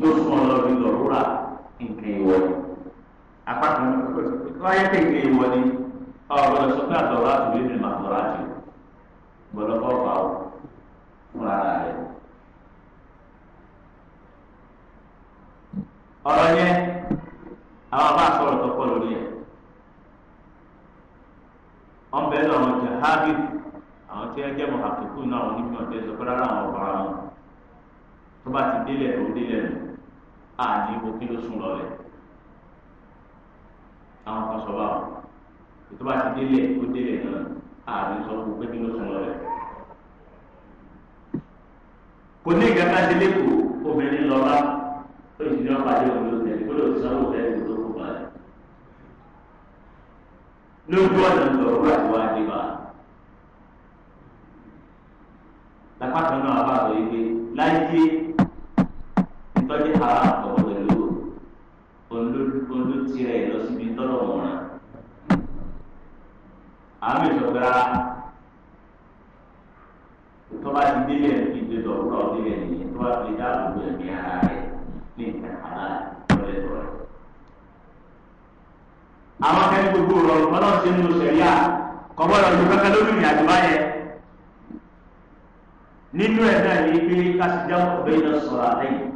tó sún ọ lọ síbi ìdọ̀rúra nǹkan ìwọ̀ ni apá kan láyé pé nǹkan ìwọ̀ ni ọ̀gbọ́n sọ pé àdọ̀rọ̀ àtúwé mi máa àti gbọ́dọ̀ kọ́ fà ó fúnra rẹ̀. ọ̀rọ̀ yẹn. mọ̀hábì àwọn tí wọ́n jẹ́ mọ̀hàkùkù náà wọn níbi ọ̀tẹ́ sọ fúnra àwọn ọ̀bàrà wọn tó bá ti délẹ̀ tó délẹ̀ nù àní wo kí ló sùn lọ́lẹ̀ àwọn kan sọ báwọn tó bá ti délẹ̀ tó délẹ̀ náà àní sọ wo pé kí ló sùn lọ́lẹ̀ kò ní ìgbàgbá délé kò obìnrin lọ́lá ó sì ní ọ̀pá dé òun ló tẹ̀lé kó lè sọ́wọ́ tẹ̀lé kó tó kó balẹ̀ lójú ọ̀nà ìgbà àti wáyé. apá kan náà bá sọ yìí pé láyé ntọ́jú ara ọ̀pọ̀ pẹ̀lú olótirẹ̀ lọ síbi tọ́lọ̀ wọ̀nà àmì ìsọ̀gbẹ́ra tó bá ti délé ẹ̀mí ìdèdọ̀ wúrọ̀ délé ẹ̀mí tó bá ti dáàbò ẹ̀mí ara rẹ̀ ní ìtàkàlà lọ́lẹ̀ tọ̀rẹ̀. àwọn akẹ́kọ̀ọ́ gbogbo rọrùn fọlọ́ọ̀sì ń lo sẹ̀ríà kọ́bọ́ọ̀lù ọdún kankan lórí ìrìn báyẹn nínú ẹ̀ náà ní pé kásìdá ọ̀bẹ iná sọ̀rọ̀ àlẹ́ yìí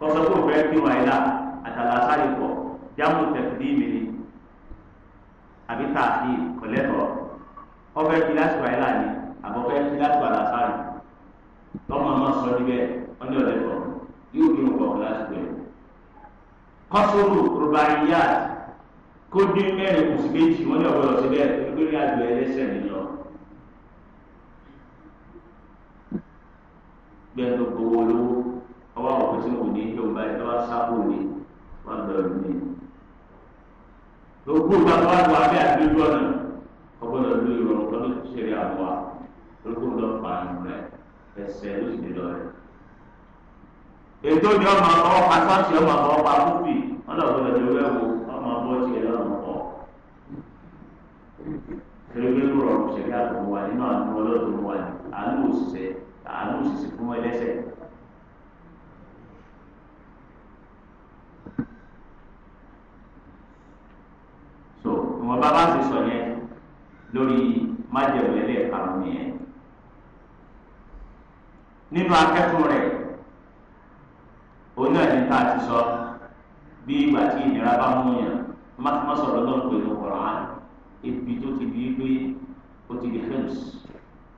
kọ́sọ́ tó fẹ́ kí wọn ẹ̀la àtàlásárì pọ̀ jámù tẹ̀kùdí mìíní àbí tààtì kọ̀lẹ́tọ̀ ọbẹ̀ kí lásìkò ẹ̀la ni àbọ̀fẹ́ kí lásìkò àlásárì lọ́mọ ọmọ sọ níbẹ̀ ọdún ọ̀lẹ́tọ̀ yóò kí wọn kọ̀ lásìkò ẹ̀. kọ́sọ́rù rubariyat kó dín mẹ́rin kùsùn méjì wọ́n ní ọ̀gbọ́dọ̀ síbẹ̀ nítorí àjọ ẹlẹ́sẹ̀ nìyẹn. gbẹ tó gbowó lówó ọwọ́ àwọn òkú tí mo ní tó ń báyìí lọ́wọ́ sábò ní wọ́n lọ rí mi. gbogbo ìgbà tó wà lọ abẹ́ àdúgbò ọ̀nà ọgbọ́n lọ lórí ìrọ̀rùn lọ́dún tó ṣeré àbọ̀ wa lórúkọ lọ pa àyùn rẹ̀ ẹsẹ̀ ló sì dé lọ rẹ̀. ètò ìjọ máa bọ́ pa sọ́ọ̀tì ọmọ àbọ̀ pa kúfì wọ́n lọ gbọ́dọ̀ lórí ẹ̀wò ọmọ àbọ̀ tiẹ̀ lọ́rùn pọ̀. kéré gbé lórọ̀ lẹ́sẹ̀. so ìwọ̀n bá bá ti sọ yẹn lórí májèlú ẹlẹ́ẹ̀karùn-ún nìyẹn nínú akẹ́kọ̀ọ́ rẹ̀ òun náà ní ká ti sọ bí ìgbà tí ìnira bá mú yàn má sọ̀rọ̀ náà pẹ̀lú ọ̀rọ̀ àná ibi tó ti di gbé ó ti di fẹ́ǹsì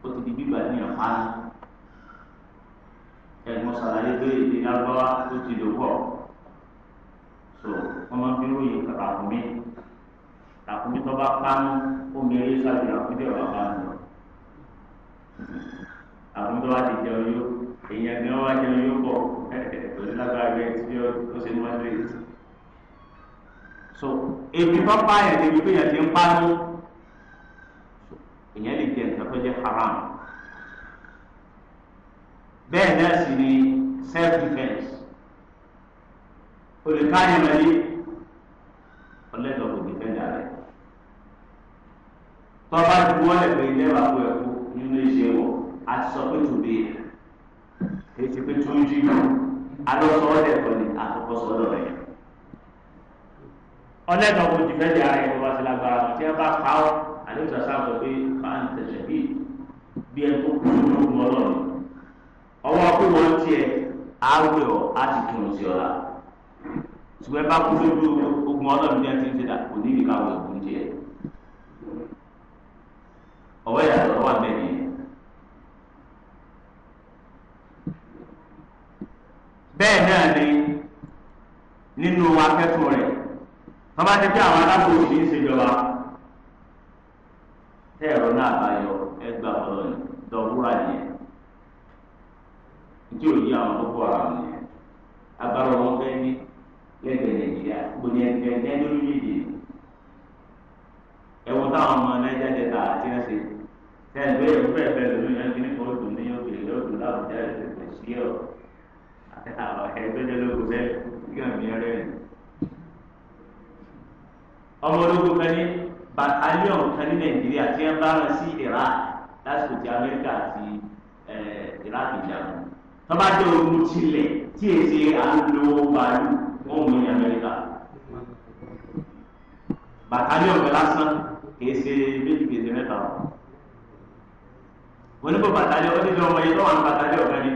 ó ti di bíbá ní ọ̀pá náà ẹ̀gbọ́n sàlàyé pé èdè lágbára tó ti lò pọ̀ so wọ́n máa fi ròyìn kàkùnmí kàkùnmí tó bá pánú omi eré sábì àkúndé ọ̀rọ̀ àbánu àkùnmí tó bá ti jẹ ọyọ èyí ẹgbẹ́ wọn wá jẹ ọyọ pọ̀ pẹ̀lú lágbára rẹ tí ó ṣe moderate so èmi tó pààyàn débi pé yẹn ti ń pánú èyí ẹ lè jẹ nǹkan tó jẹ haram bẹ́ẹ̀ náà sì ni self defence olùkáyọ̀ lẹ́yìn ọlẹ́dọ̀ kò defend ara rẹ̀ tọ́ba ti wọ́lẹ̀ pé ilé wa kó ẹ̀kú nínú iṣẹ́ wọn a ti sọ pé tó bẹ́ẹ̀ kì í ṣe pé tó ń jí lọ alọ́sọ ọ̀dẹ̀kọ̀ ni àkọ́kọ́ sọ ọ̀dọ̀ rẹ̀ ọlẹ́dọ̀ kò defend ara rẹ̀ kó wá lágbára tí wọ́n bá pa ọ́ àlejò àṣà sọ pé fáwọn tẹ̀sẹ̀ bíi bí ẹni tó kú ọlọ́run. ọwọ́ kó wọn tiẹ̀ áwé ọ á ti sí ṣùgbọ́n ẹ bá kú lójú ogun ọlọ́run ní ẹtí ń fi dà kò ní ìka wọ̀ tiẹ̀ ọwọ́ ọwọ́ bẹ́ẹ̀ náà ni nínú akẹ́kọ̀ọ́ rẹ̀ wọ́n bá ti àwọn ìṣèjọba tí ò yí àwọn boko haram yẹn agbára wọn fẹ́ ní lẹ́gbẹ̀ẹ́ nàìjíríà gbòdì ẹgbẹ́ nẹ́ẹ̀dọ́rú yìí ẹ̀wọ̀n táwọn ọmọ nàìjíríà jẹ ta àti ẹ̀sìn tẹ̀gbẹ́ ìfúnfẹ́ fẹ́ lómi yẹn kí ní kò dùn ní òkè lọ́dún láwùjá ìṣẹ̀lẹ̀ sí ọ̀ ẹgbẹ́jọ́lógún bẹ́ẹ̀ gíga mi rẹ̀ ọmọ ológun kan ní batalion kan ní nàìjíríà tí wọ́n bá rán sí iraq lásìkò tí amẹ́ríkà àti iraq ìjà wọn tó bá jẹ́ ogun tilẹ̀ tí èsì àlùlówó gbàlú wọn mú ní Amẹ́ríkà bàtàlíọ̀ pẹ̀lú asán kìí ṣe méjì kìí ṣe mẹ́ta o onígbò bàtàlíọ̀ onídìí ọmọ yìí lọ́wọ́ àwọn bàtàlíọ̀ kan ní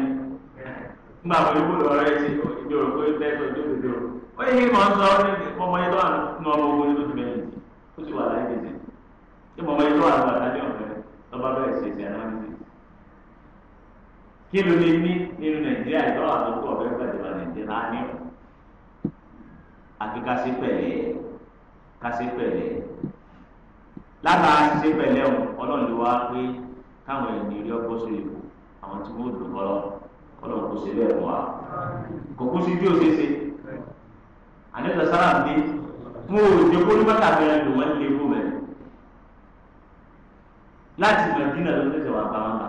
nígbà wọn ìbò lọ́rọ́ ẹ ti ìjòrò pé lẹ́sọ̀ ìjòrò ìjòrò ó yẹ kí mọ̀ ń sọ ọmọ yìí lọ́wọ́ àwọn ọmọ ogun tó ti bẹ̀rẹ̀ ó sì wà láyé kejì tí ọmọ yìí lọ́wọ́ àwọn bàtàlíọ̀ kan bẹ̀rẹ̀ ṣe ṣe kí ló lè ní nínú nàìjíríà ìtọ́wà tó kọ̀ bẹ́ẹ̀ pẹ̀lú nàìjíríà á ní ọ̀ àfi ká sí pẹ̀lẹ́ ká sí pẹ̀lẹ́ látara ṣíṣe pẹ̀lẹ́ ọ̀ ọlọ́run ló wá pé káwọn ènìyàn rí ọgbọ́n sí ipò àwọn tí wọ́n dùn kọ́lọ́ kọ́lọ́ kò sí bẹ́ẹ̀ wá kò kú sí bí ó ṣe ṣe àníkà sára ń dé mo ò jẹ́ kó ní bàtà bẹ́ẹ̀ lò wọ́n lé wó bẹ́ẹ̀ láti Mẹdínà ló ń tẹ̀sẹ̀ wà bá wọn kà.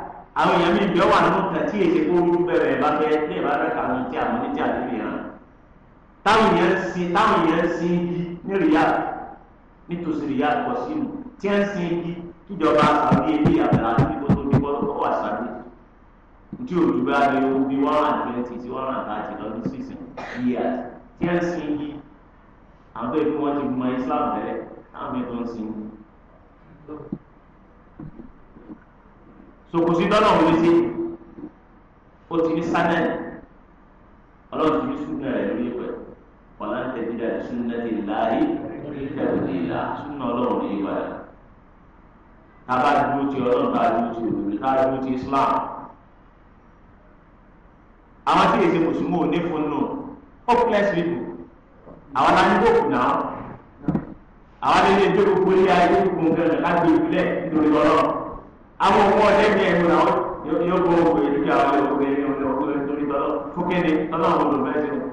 àwọn èèyàn mi bẹ́ẹ̀ wà nínú kan tí èsì kó ń bẹ̀rẹ̀ bá ní ìbá bẹ tí àwọn oníjà níbi hàn táwọn èèyàn sin táwọn èèyàn sin igi ní Riyadh nítòsí Riyadh tí wọ́n sin igi kíjọba sàbí ebi àbẹ̀là àti tó dúpọ́ tó wà òjò bá bí twenty sí one hundred thirty lọ́dún sísìn years sokosi dọ́nà òun ṣe ó ti ní sánẹ̀ ọlọ́run ti ní súnà rẹ̀ lórí ìwẹ̀ wàlá ń tẹ̀lé rẹ̀ súnà ti láàyè ìtẹ̀wé lè la súnà ọlọ́run lè wà rẹ̀ tábà dúró ti ọlọ́run tábà dúró ti òdòdó tábà dúró ti Islam àwọn tí èsì mùsùlùmí ò ní fún nù hopeless people àwọn náà ní hóòpù náà àwọn ilé ìjọba gbólé ayé gbòǹgàn láti ìbílẹ̀ nítorí ọlọ́run àwọn òkú ọ̀dẹ́ mi ẹ̀rù làwọn yóò gbọ́ òkú èyí kí àwọn ẹ̀rù gbé ní ọ̀dọ̀ òkú ẹ̀rù torí tọ́lọ́ fúkẹ́ni ọlọ́run ló bẹ́ẹ̀ sẹ́nu.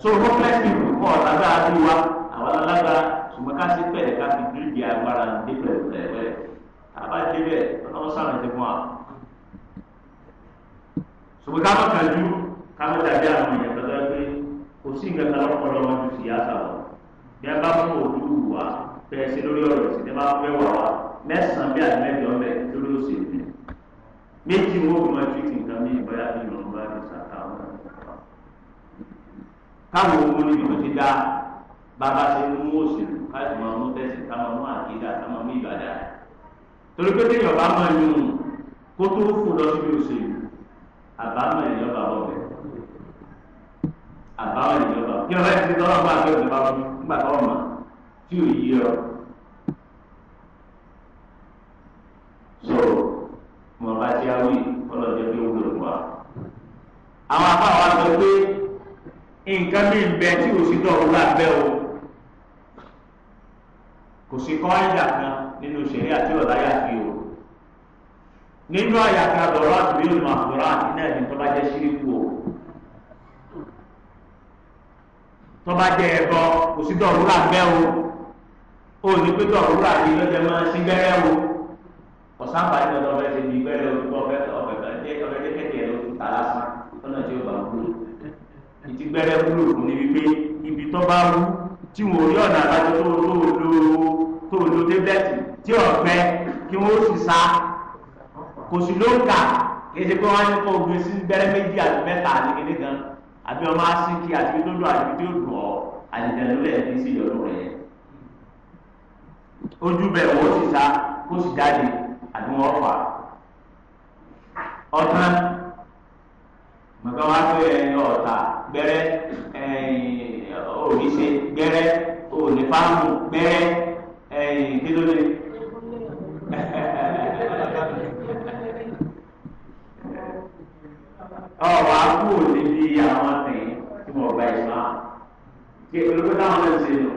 so hopeless people kọ́ ọ̀lágbá bí wa àwọn alágbá ṣùgbọ́n ká sí pẹ̀lẹ́ ká fi bíríkì agbára dé pẹ̀lú pẹ̀lẹ́ àbá dé bẹ̀ ọlọ́run sàrìn ti fún wa. ṣùgbọ́n ká mọ̀ kájú ká mọ̀ dàbí àwọn èèyàn tó dá pé kò sí nǹkan kan lọ́pọ̀ lọ́wọ́ mẹ́sàn-án bí àdìmẹ́jọ bẹ̀ lórí òṣèlú méjì wọn kò máa tìtì nǹkan mí ìbáyà bí ìrọ̀rùn bá ní sàkà káwọn ohun níbi tó ti dá bàbá ṣe mú òṣèlú káàtì máa mú tẹ̀sí ká máa mú àkídà ká máa mú ìbàdà. torí pé téèyàn bá máa yún un kó tó fò lọ òṣèlú àbámọ̀ so mọ̀lá tí a wí ọlọ́jọ́ pé ó wúlò wá. àwọn afá wa sọ pé nǹkan mi ń bẹ tí òsì náà wúlò abẹ́ o kò sí kọ́ ẹ̀dà kan nínú ìṣẹ̀lẹ̀ àti ọ̀láyà fi o nínú àyà kan àbọ̀rọ̀ àti bí olùmọ̀ àbọ̀rọ̀ àti náà ní tọ́ba jẹ́ síríkù o tọ́ba jẹ́ ẹ̀bọ òsì náà wúlò abẹ́ o ò ní pé tọ́ba wúlò àti máa ń sí gbẹ́rẹ́ o ọ̀sánfà yìí di gbẹ́rẹ́ olùkọ́ ọ̀fẹ́ ọ̀fẹ́ jẹ́ kẹ̀kẹ́ ló ta lásán lọ́nà tí ó bá wúlò ìtì gbẹ́rẹ́ wúlò fún ni wípé ibi tó bá wú tí wọn ò rí ọ̀nà àbájọ tó lo tó lo débẹ̀tì tí ọ̀fẹ́ kí wọ́n sì sa kò sí ló ń kà kí ẹsẹ̀ pé wọ́n á ní kó gbé sí gbẹ́rẹ́ méjì àti mẹ́ta àti kéde kan àbí ọmọ àbí wọ́n fà ọ̀tán nǹkan wá pé ẹ̀yin ọ̀tà gbẹ́rẹ́ ẹ̀yin òrìṣẹ́ gbẹ́rẹ́ ònífàmù gbẹ́rẹ́ ẹ̀yin kílódé. ọ̀wá kú òní bí àwọn tẹ̀yìn tí wọ́n bá ìmọ̀ kí olùkọ́ táwọn náà ṣe nù.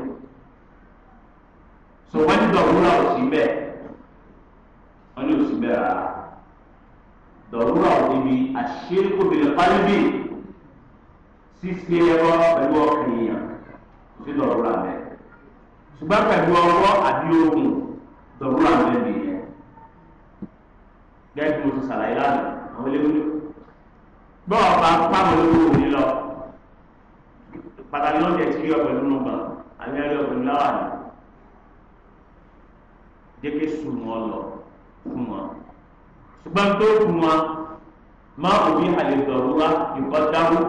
sọ ti dọ̀wúrà òsì bẹ́ẹ̀ wọn ní òsì bẹ́ẹ̀ rárá dọ̀rúrà ò níbi àṣírkòbìlẹ̀ pálíbì ṣíṣe ẹ̀rọ pẹ̀lú ọkàn èèyàn kò sí dọ̀rúrà bẹ́ẹ̀ ṣùgbọ́n pẹ̀lú ọwọ́ àbí ogun dọ̀rúrà bẹ́ẹ̀ nìyẹn gẹ́gẹ́ bí mo ti ṣàlàyé lánàá àwọn eléwúlé bọ́ọ̀ bá pàmò lóko òní lọ pàtàkì lọ́jà ti rí ọ̀pẹ̀lú nùgbà àbí ẹ̀rí ọ̀pẹ̀lú láwàní jẹ́ kí sùn mọ́ lọ fún wọn ṣùgbọ́n tó fún wọn máa òbí àlejòrúwa ìkọ́ dáwó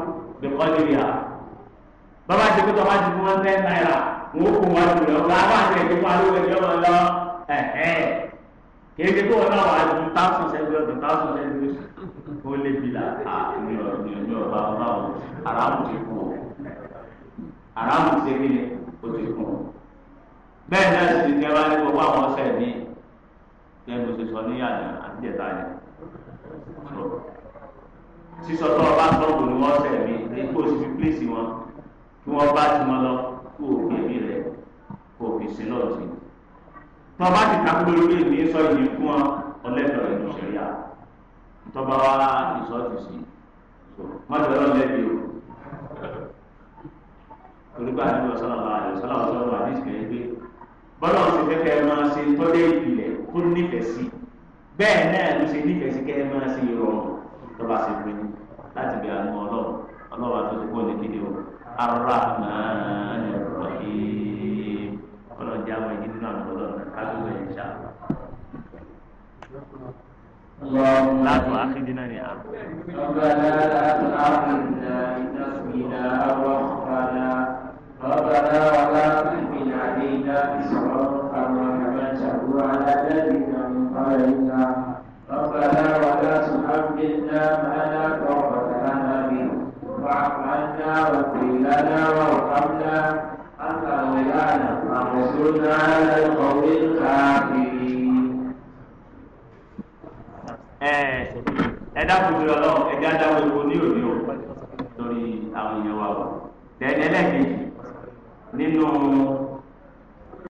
bẹ̀kọ́ lórí à bàbá àti pé tọ́ba ti fún wọn ten náírà wọn ó fún wọn jùlọ bàbá àti ẹ̀jẹ̀ fún alówó ẹ̀jẹ̀ wọn lọ ẹ̀ẹ́ kìí ṣe kó wọn náà wà á ju táwọn sẹ́ńtì ọ̀dọ̀ táwọn sẹ́ńtì ó lé bi la àmì ọ̀dọ̀ ní ọba ọba ọ̀ aráàmù ti kú ọ aráàmù ti kí ni ó ti kú bẹ́ẹ̀ náà sì ti ẹ bá ní gbogbo àwọn ọ̀sẹ̀ yìí kí ẹnu ṣe sọ níyànjú àti ìjẹta yẹn sísọ tó ọba sọ̀rọ̀ ni wọ́n sẹ̀ mí kó o sì fi pílíìsì wọn kí wọ́n bá ti wọn lọ kó o fi èmi rẹ̀ kó o fi sí náà sí. tó ọba ti takú lórí èmi sọ ìdí fún wọn ọlẹ́tọ̀ ìlú sẹ̀ríà tọ́ba wa ìsọ ti sí wọ́n ti lọ́ọ́ lẹ́bi o. olùkọ́ àti ìwọ̀sán ọ̀la àti ìwọ̀sán ọ̀la ọ̀la àti ìsìnkẹ́ yìí pé bọ́lá ọ̀sìn fẹ́fẹ́ máa ṣe tọ́lé ìpìlẹ̀ tó nífẹ̀ẹ́ sí bẹ́ẹ̀ náà ló ṣe nífẹ̀ẹ́ sí kẹ́ẹ́ máa ṣe ìrọ̀rùn tó bá ṣe pé láti bẹ̀rẹ̀ àwọn ọlọ́run ọlọ́run àtúntò kọ́ ní kíni o Ar-Rahman Ar-Rahim ọlọ́run jẹ́ àwọn ìdílé náà lọ́dọ̀ náà kájú ẹ̀ ṣá. Láàbù àkíndínà ni a. Ọ̀gbẹ́ni láti àkíndínà ìdásílẹ̀ àwọn ọ̀gbẹ́ni. ربنا ولا تحمل علينا إصرا على جدنا من قبلنا ربنا ولا تحملنا ما لا طاقة لنا به واعف عنا واغفر لنا وارحمنا أنت مولانا فانصرنا على القوم الكافرين. ẹ dákun jùlọ lọ ẹ já dáwọ epo ní òní o lórí àwọn èèyàn wa o tẹ ẹlẹ́ẹ̀kejì nínú.